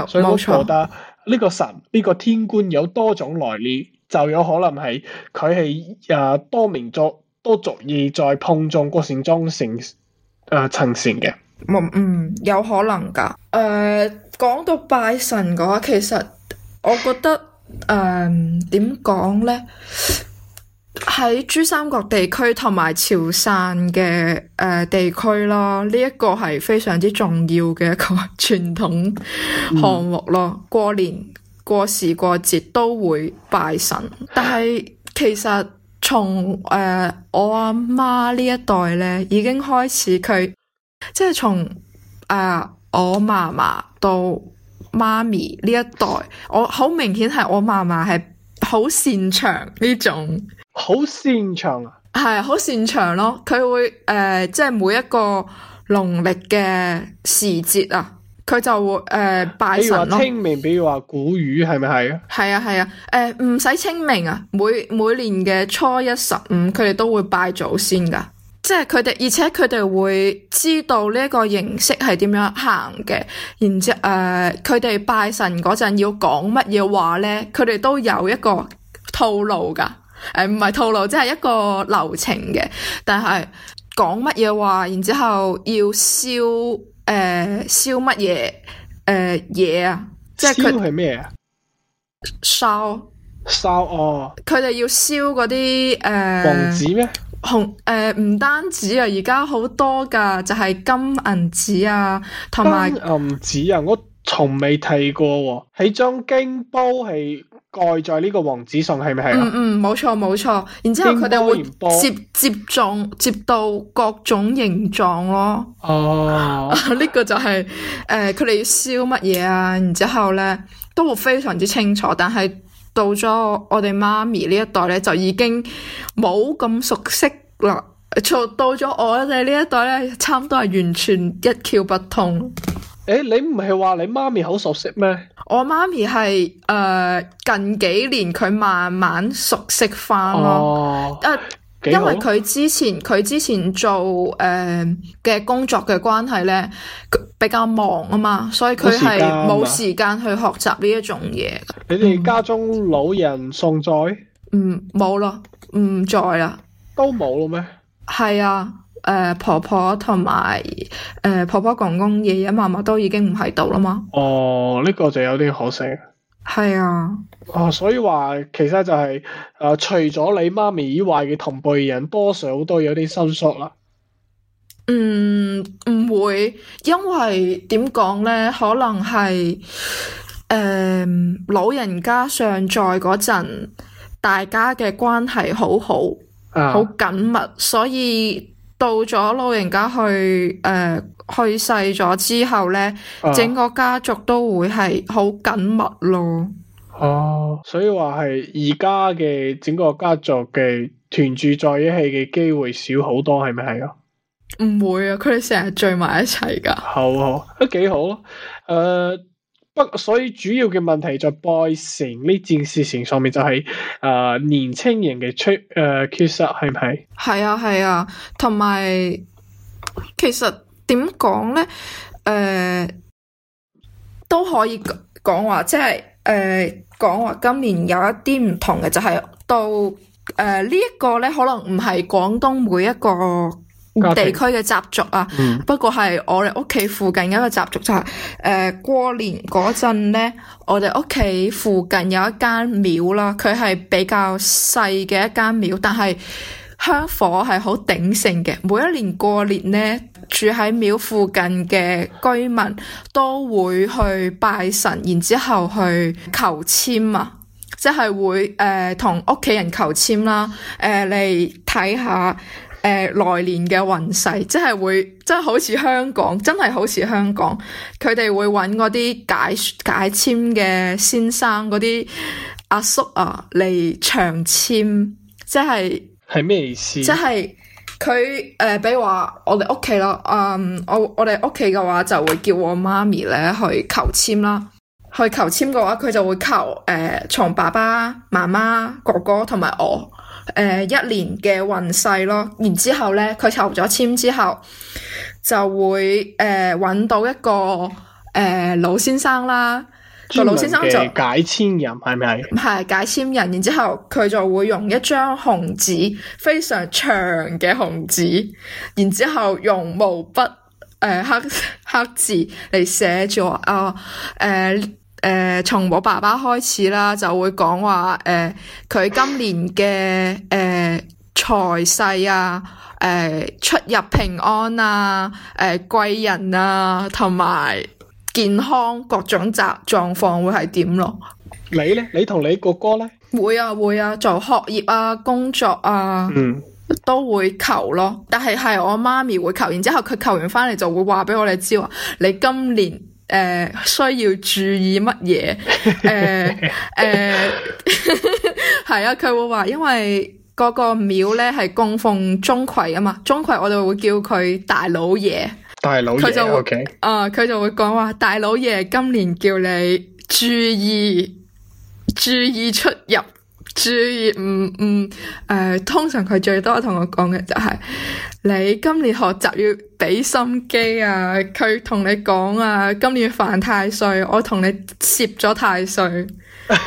冇冇沒錯。呢個神，呢、這個天官有多種來歷，就有可能係佢係誒多民族多族裔在碰撞過程中成誒形成嘅。呃、善嗯，有可能㗎。誒、呃，講到拜神嘅話，其實我覺得誒點講咧？呃喺珠三角地區同埋潮汕嘅誒地區咯，呢一個係非常之重要嘅一個傳統項目咯。嗯、過年過時過節都會拜神，但係其實從誒、呃、我阿媽呢一代咧，已經開始佢即係從誒我嫲嫲到媽咪呢一代，我好明顯係我嫲嫲係好擅長呢種。好擅長啊，係啊、好擅長咯。佢會誒、呃，即係每一個農曆嘅時節啊，佢就會誒、呃、拜神咯。清明，比如話穀雨，係咪係啊？係啊係啊，誒唔使清明啊，每每年嘅初一十五，佢哋都會拜祖先噶。即係佢哋，而且佢哋會知道呢個形式係點樣行嘅，然之後誒，佢哋、呃、拜神嗰陣要講乜嘢話咧，佢哋都有一個套路噶。誒，唔係、哎、套路，即係一個流程嘅，但係講乜嘢話，然後之後要燒誒燒乜嘢誒嘢啊。燒係咩啊？燒燒哦！佢哋要燒嗰啲誒黃紙咩？黃紅誒唔、呃、單止、就是、啊，而家好多噶，就係金銀紙啊，同埋金銀紙啊，我從未提過喎、啊，係將金包係。蓋在呢個王子上，係咪係？嗯嗯，冇錯冇錯。然之後佢哋會接接種接到各種形狀咯。哦，呢個就係、是、誒，佢哋要燒乜嘢啊？然之後咧都會非常之清楚。但係到咗我哋媽咪呢一代咧，就已經冇咁熟悉啦。從到咗我哋呢一代咧，差唔多係完全一竅不通。誒、欸，你唔係話你媽咪好熟悉咩？我媽咪係誒、呃，近幾年佢慢慢熟悉翻咯。哦，呃、好因為佢之前佢之前做誒嘅、呃、工作嘅關係咧，比較忙啊嘛，所以佢係冇時間去學習呢一種嘢。你哋家中老人尚在、嗯？嗯，冇啦，唔在啦，都冇啦咩？係啊。誒、呃，婆婆同埋誒，婆婆公公、爺爺嫲嫲都已經唔喺度啦嘛？哦，呢、這個就有啲可惜。係啊，哦，所以話其實就係、是、誒、呃，除咗你媽咪以外嘅同輩人，多少都有啲生疏啦。嗯，唔會，因為點講咧？可能係誒、呃，老人家尚在嗰陣，大家嘅關係好好，好、啊、緊密，所以。到咗老人家去誒、呃、去世咗之後咧，啊、整個家族都會係好緊密咯。嗯、哦，所以話係而家嘅整個家族嘅團住在一起嘅機會少好多，係咪係啊？唔會啊，佢哋成日聚埋一齊噶、 哦，好好都幾好咯。誒、呃。不，所以主要嘅問題在拜神呢件事情上面，就是，就係誒年青人嘅缺誒缺失係唔係？係啊係啊，同埋、啊、其實點講咧？誒、呃、都可以講話，即係誒講話今年有一啲唔同嘅，就係、是、到誒、呃這個、呢一個咧，可能唔係廣東每一個。地區嘅習俗啊，嗯、不過係我哋屋企附近嘅一個習俗就係、是、誒、呃、過年嗰陣咧，我哋屋企附近有一間廟啦，佢係比較細嘅一間廟，但係香火係好鼎盛嘅。每一年過年咧，住喺廟附近嘅居民都會去拜神，然後之後去求簽啊，即係會誒同屋企人求簽啦，誒嚟睇下。誒，來年嘅運勢，即係會，即係好似香港，真係好似香港，佢哋會揾嗰啲解解簽嘅先生，嗰啲阿叔啊嚟長簽，即係係咩意思？即係佢誒，比如話我哋屋企咯，嗯，我我哋屋企嘅話就會叫我媽咪咧去求簽啦，去求簽嘅話，佢就會求誒、呃，從爸爸媽媽、哥哥同埋我。誒、呃，一年嘅運勢咯，然之後咧，佢求咗簽之後就會誒揾、呃、到一個誒、呃、老先生啦，個老先生就解簽人係咪？係解簽人，然之後佢就會用一張紅紙，非常長嘅紅紙，然之後用毛筆誒黑黑字嚟寫咗。啊、哦、誒。呃呃誒，從、呃、我爸爸開始啦，就會講話誒，佢、呃、今年嘅誒財勢啊，誒、呃、出入平安啊，誒、呃、貴人啊，同埋健康各種雜狀況會係點咯？你呢？你同你哥哥呢？會啊會啊，做學業啊，工作啊，嗯，都會求咯。但係係我媽咪會求，然之後佢求完翻嚟就會話畀我哋知你今年。誒、呃，需要注意乜嘢？誒、呃、誒，係、 呃、 啊，佢會話，因為嗰個廟咧係供奉鍾馗啊嘛，鍾馗我就會叫佢大老爺，大老爺，佢就，啊，佢就會講話大老爺今年叫你注意注意出入。注意，唔、嗯、唔，誒、嗯，通常佢最多同我講嘅就係、是，你今年學習要畀心機啊，佢同你講啊，今年犯太歲，我同你攝咗太歲，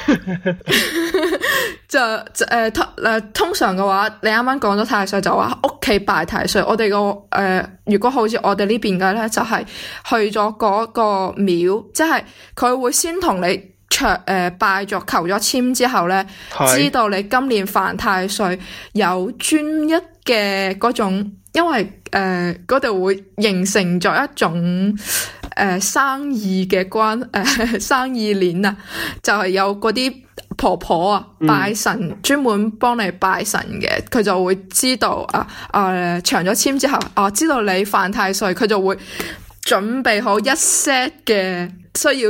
就誒，誒、呃，通常嘅話，你啱啱講咗太歲就話屋企拜太歲，我哋個誒，如果好似我哋呢邊嘅咧，就係、是、去咗嗰個廟，即係佢會先同你。誒拜咗求咗籤之後咧，是知道你今年犯太歲有專一嘅嗰種，因為誒嗰度會形成咗一種誒、呃、生意嘅關誒、呃、生意鏈啊，就係、是、有嗰啲婆婆啊拜神專、嗯、門幫你拜神嘅，佢就會知道啊誒、呃、長咗籤之後啊知道你犯太歲，佢就會準備好一 set 嘅需要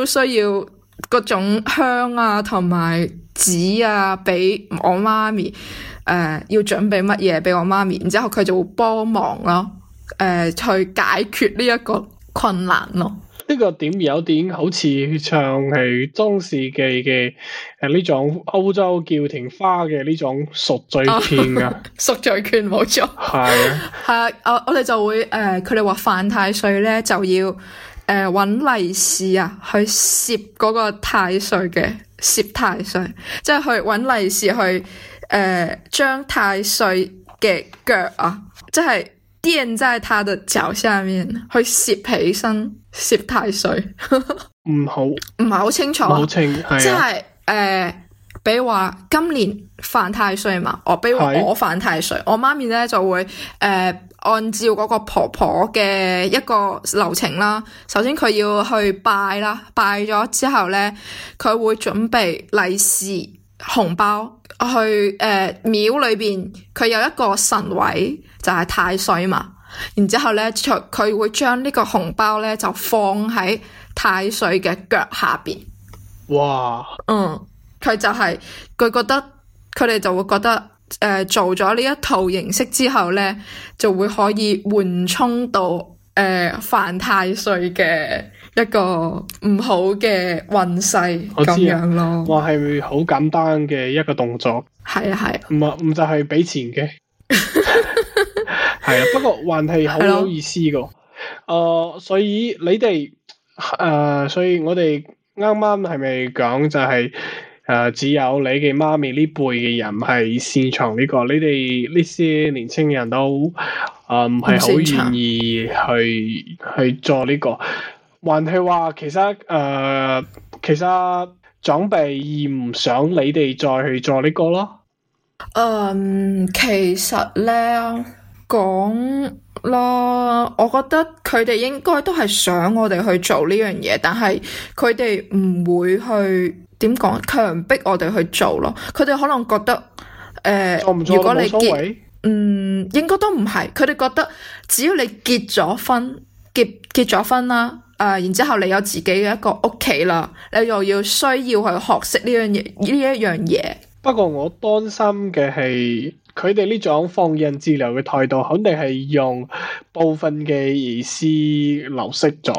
燒需要。各種香啊，同埋紙啊，俾我媽咪，誒、呃，要準備乜嘢俾我媽咪，然之後佢就會幫忙咯，誒、呃，去解決呢一個困難咯。呢個點有點好似唱係中世紀嘅誒呢種歐洲教廷花嘅呢種贖罪券噶，贖罪券冇錯，係啊，係啊，我我哋就會誒，佢哋話犯太歲咧就要。誒，搵利是啊，去攝嗰個太歲嘅攝太歲，即係去搵利是去誒，將太歲嘅腳啊，即係墊在他的腳下面，去攝起身攝太歲，唔 好唔係好清楚，啊，好清，啊，即係誒。呃比如話今年犯太歲嘛，我比如話我犯太歲，是我媽咪咧就會誒、呃、按照嗰個婆婆嘅一個流程啦。首先佢要去拜啦，拜咗之後咧，佢會準備利是紅包去誒廟、呃、裏邊。佢有一個神位就係、是、太歲嘛，然之後咧，佢佢會將呢個紅包咧就放喺太歲嘅腳下邊。哇，嗯。佢就係、是、佢覺得佢哋就會覺得誒、呃、做咗呢一套形式之後咧，就會可以緩衝到誒、呃、犯太歲嘅一個唔好嘅運勢咁樣咯。我係咪好、啊、簡單嘅一個動作，係啊係。唔啊唔就係畀錢嘅，係 啊。不過還係好有、啊、意思噶。誒、呃，所以你哋誒、呃，所以我哋啱啱係咪講就係、是？誒、只有你嘅媽咪呢輩嘅人係擅長呢個，你哋呢些年輕人都誒、唔係好願意去去做呢個，還係話其實誒、呃、其實準備而唔想你哋再去做呢個咯。誒，um, 其實咧講咯，我覺得佢哋應該都係想我哋去做呢樣嘢，但係佢哋唔會去。點講強逼我哋去做咯？佢哋可能覺得，誒、呃，做做如果你結，嗯，應該都唔係。佢哋覺得，只要你結咗婚，結結咗婚啦，誒、呃，然之後你有自己嘅一個屋企啦，你又要需要去學識呢樣嘢，呢一樣嘢。我不過我擔心嘅係，佢哋呢種放任自流嘅態度，肯定係用部分嘅意思流失咗。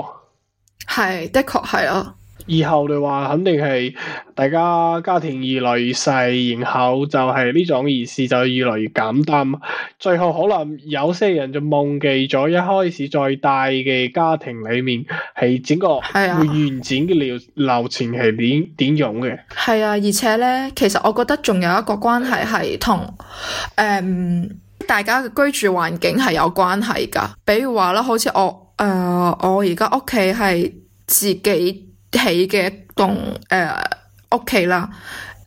係，的確係咯。以後嘅話肯定係大家家庭越來越細，然後就係呢種儀式就越來越簡單。最後可能有些人就忘記咗一開始在大嘅家庭裏面係整個會完整嘅流流程係點點用嘅。係啊，而且咧，其實我覺得仲有一個關係係同誒大家居住環境係有關係噶。比如話啦，好似我誒、呃、我而家屋企係自己起嘅一棟誒屋企啦，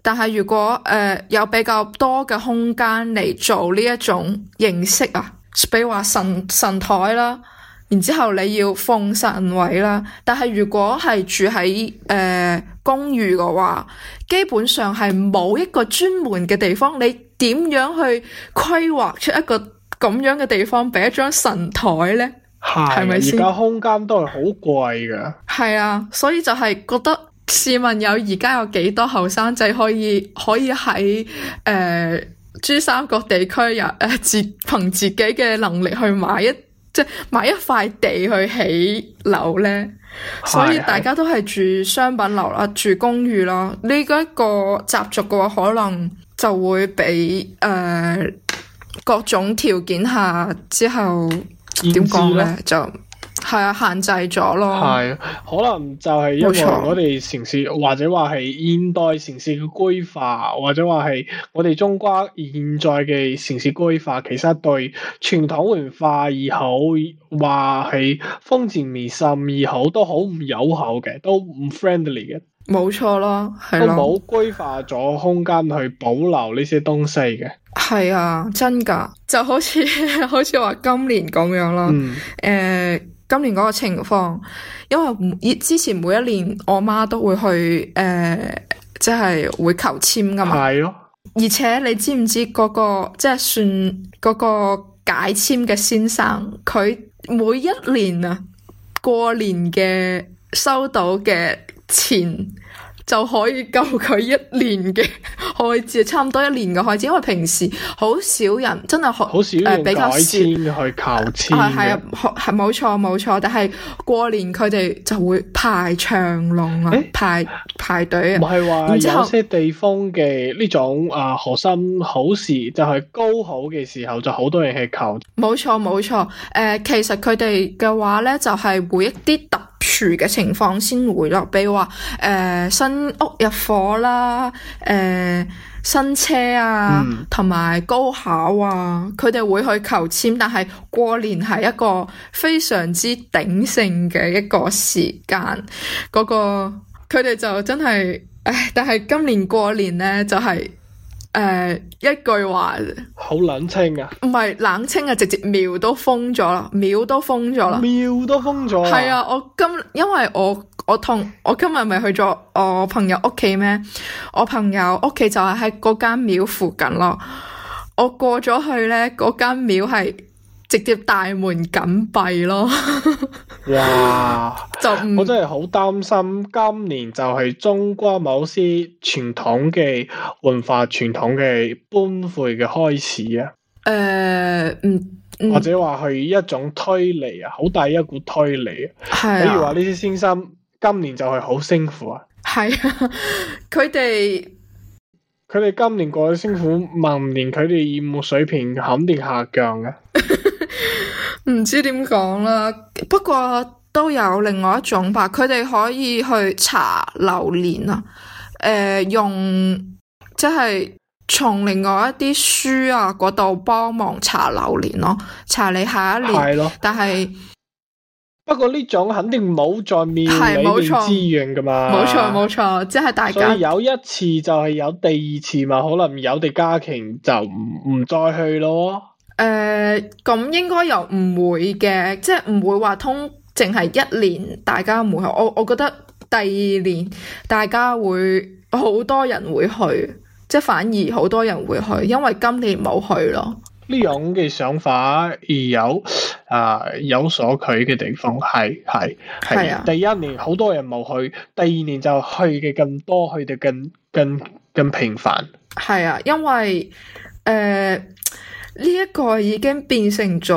但係如果誒、呃、有比較多嘅空間嚟做呢一種形式啊，比如話神神台啦，然之後你要奉神位啦，但係如果係住喺誒、呃、公寓嘅話，基本上係冇一個專門嘅地方，你點樣去規劃出一個咁樣嘅地方俾一張神台咧？係咪而家空間都係好貴嘅？係啊，所以就係覺得試問有而家有幾多後生仔可以可以喺誒珠三角地區入誒自憑自己嘅能力去買一即買一塊地去起樓咧？所以大家都係住商品樓啦，住公寓啦，呢、這個一個習俗嘅話，可能就會俾誒、呃、各種條件下之後。點講咧就係啊，限制咗咯，係可能就係因為我哋城市，冇錯，或者話係現代城市嘅規劃，或者話係我哋中國現在嘅城市規劃，其實對傳統文化而好，話係封建迷信而好，都好唔友好嘅，都唔 friendly 嘅。冇錯咯，係咯，冇規劃咗空間去保留呢些東西嘅。係啊，真噶，就好似 好似話今年咁樣咯。誒、嗯呃，今年嗰個情況，因為之前每一年，我媽都會去誒，即、呃、係、就是、會求籤噶嘛。係咯、哦。而且你知唔知嗰、那個即係、就是、算嗰個解籤嘅先生，佢每一年啊過年嘅收到嘅。錢就可以夠佢一年嘅開支，差唔多一年嘅開支，因為平時好少人真係好少、呃，比較少去求錢。係係啊，係冇錯冇錯，但係過年佢哋就會排長龍啊、欸，排排隊啊。唔係話有些地方嘅呢種后啊，學生好事，就係、是、高考嘅時候，就好多人去求。冇錯冇錯，誒、呃，其實佢哋嘅話咧就係、是、會一啲特別。住嘅情況先回落，比如話誒、呃、新屋入伙啦，誒、呃、新車啊，同埋、嗯、高考啊，佢哋會去求簽，但係過年係一個非常之鼎盛嘅一個時間，嗰、那個佢哋就真係，唉，但係今年過年咧就係、是。誒，uh, 一句話好冷清啊！唔係冷清啊，直接廟都封咗啦，廟都封咗啦，廟都封咗。係啊，我今因為我我同我今日咪去咗我朋友屋企咩？我朋友屋企就係喺嗰間廟附近咯。我過咗去咧，嗰間廟係直接大門緊閉咯 ！哇， 就不我真係好擔心，今年就係中國某些傳統嘅文化、傳統嘅崩潰嘅開始啊！誒、呃，唔、嗯嗯、或者話係一種推理啊，好大一股推理。啊！係、啊，比如話呢啲先生今年就係好辛苦啊！係啊，佢哋佢哋今年過去辛苦，明年佢哋業務水平肯定下降嘅。 唔知點講啦，不過都有另外一種吧，佢哋可以去查流年啊，誒、呃，用即係從另外一啲書啊嗰度幫忙查流年咯，查你下一年，的但係是不過呢種肯定冇再面免冇哋資源噶嘛，冇錯冇錯，即係、就是、大家所以有一次就係有第二次嘛，可能有啲家庭就唔再去咯。誒，咁、呃、應該又唔會嘅，即係唔會話通淨係一年大家唔去。我我覺得第二年大家會好多人會去，即係反而好多人會去，因為今年冇去咯。呢種嘅想法而有啊、呃、有所佢嘅地方係係係啊。第一年好多人冇去，第二年就去嘅更多，去得更更更頻繁。係啊，因為誒。呃呢一個已經變成咗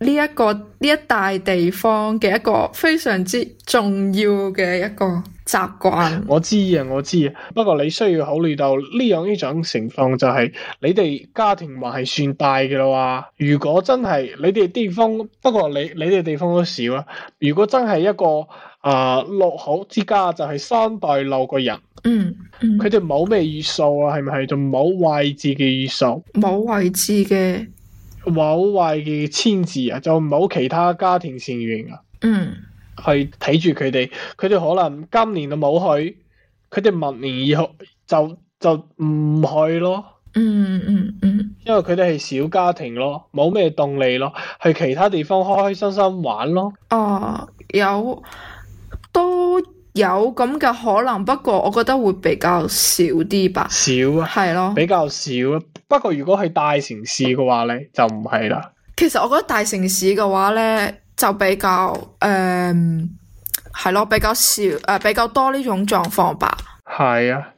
呢一個呢一大地方嘅一個非常之重要嘅一個習慣。我知啊，我知啊。不過你需要考慮到呢樣呢種情況就係、是、你哋家庭還係算大嘅啦。如果真係你哋地方，不過你你哋地方都少啊。如果真係一個。啊！六口、uh, 之家就係三代六個人。嗯，佢哋冇咩預數啊？係咪？係？就冇位置嘅預數。冇位置嘅。冇位嘅簽字啊！就冇其他家庭成員啊。嗯、mm,。去睇住佢哋，佢哋可能今年都冇去，佢哋明年以後就就唔去咯。嗯嗯嗯。因為佢哋係小家庭咯，冇咩動力咯，去其他地方開開心心玩咯。哦，uh, 有。都有咁嘅可能，不過我覺得會比較少啲吧。少啊，係咯，比較少、啊。不過如果係大城市嘅話呢，就唔係啦。其實我覺得大城市嘅話呢，就比較誒，係、嗯、咯，比較少誒、呃，比較多呢種狀況吧。係啊，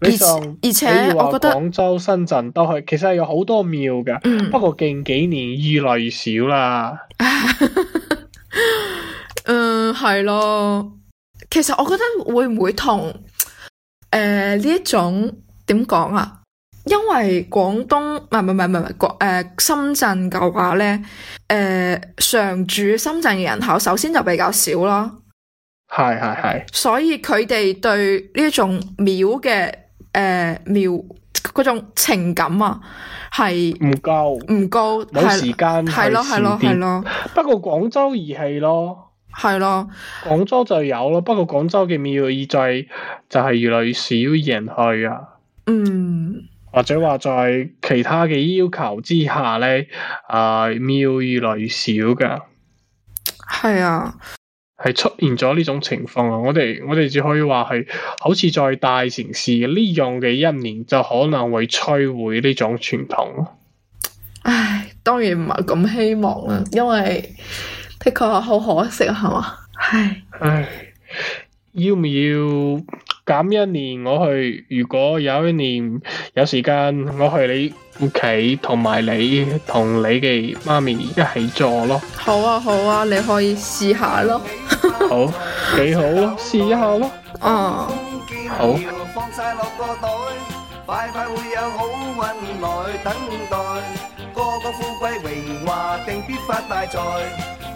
而且而且，如我覺得廣州、深圳都係，其實係有好多廟㗎。嗯、不過近幾年越來越少啦。 嗯，係咯、啊啊。其實我覺得會唔會同誒呢一種點講啊？因為廣東唔係唔係唔係唔係誒深圳嘅話咧，誒常住深圳嘅人口首先就比較少咯。係係係。所以佢哋對呢一種廟嘅誒廟嗰種情感啊，係唔夠唔夠冇時間去巡店。係咯係咯係咯。啊、 不過廣州而係咯。係咯，廣州就有咯，不過廣州嘅廟意就就係越嚟越少人去啊。嗯，或者話在其他嘅要求之下咧，啊、呃、廟越來越少噶。係啊的，係出現咗呢種情況啊！我哋我哋只可以話係，好似在大城市呢樣嘅一年就可能會摧毀呢種傳統咯。唉，當然唔係咁希望啦，因為。的確好可惜啊，係嘛？唉，要唔要減一年？我去，如果有一年有時間，我去你屋企，同埋你同你嘅媽咪一起做咯。好啊，好啊，你可以試下咯。好，幾好啊，試一下咯。啊，好。晒落個袋！快快會有好運來等待！個個富貴榮華，定必發大財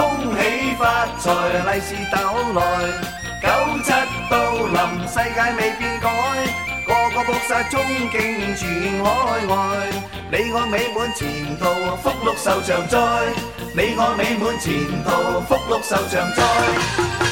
恭喜發財，利是到來，九七到臨，世界未變改，個個搏殺衝勁全海外，你我美滿前途，福祿壽長在，你我美滿前途，福祿壽長在。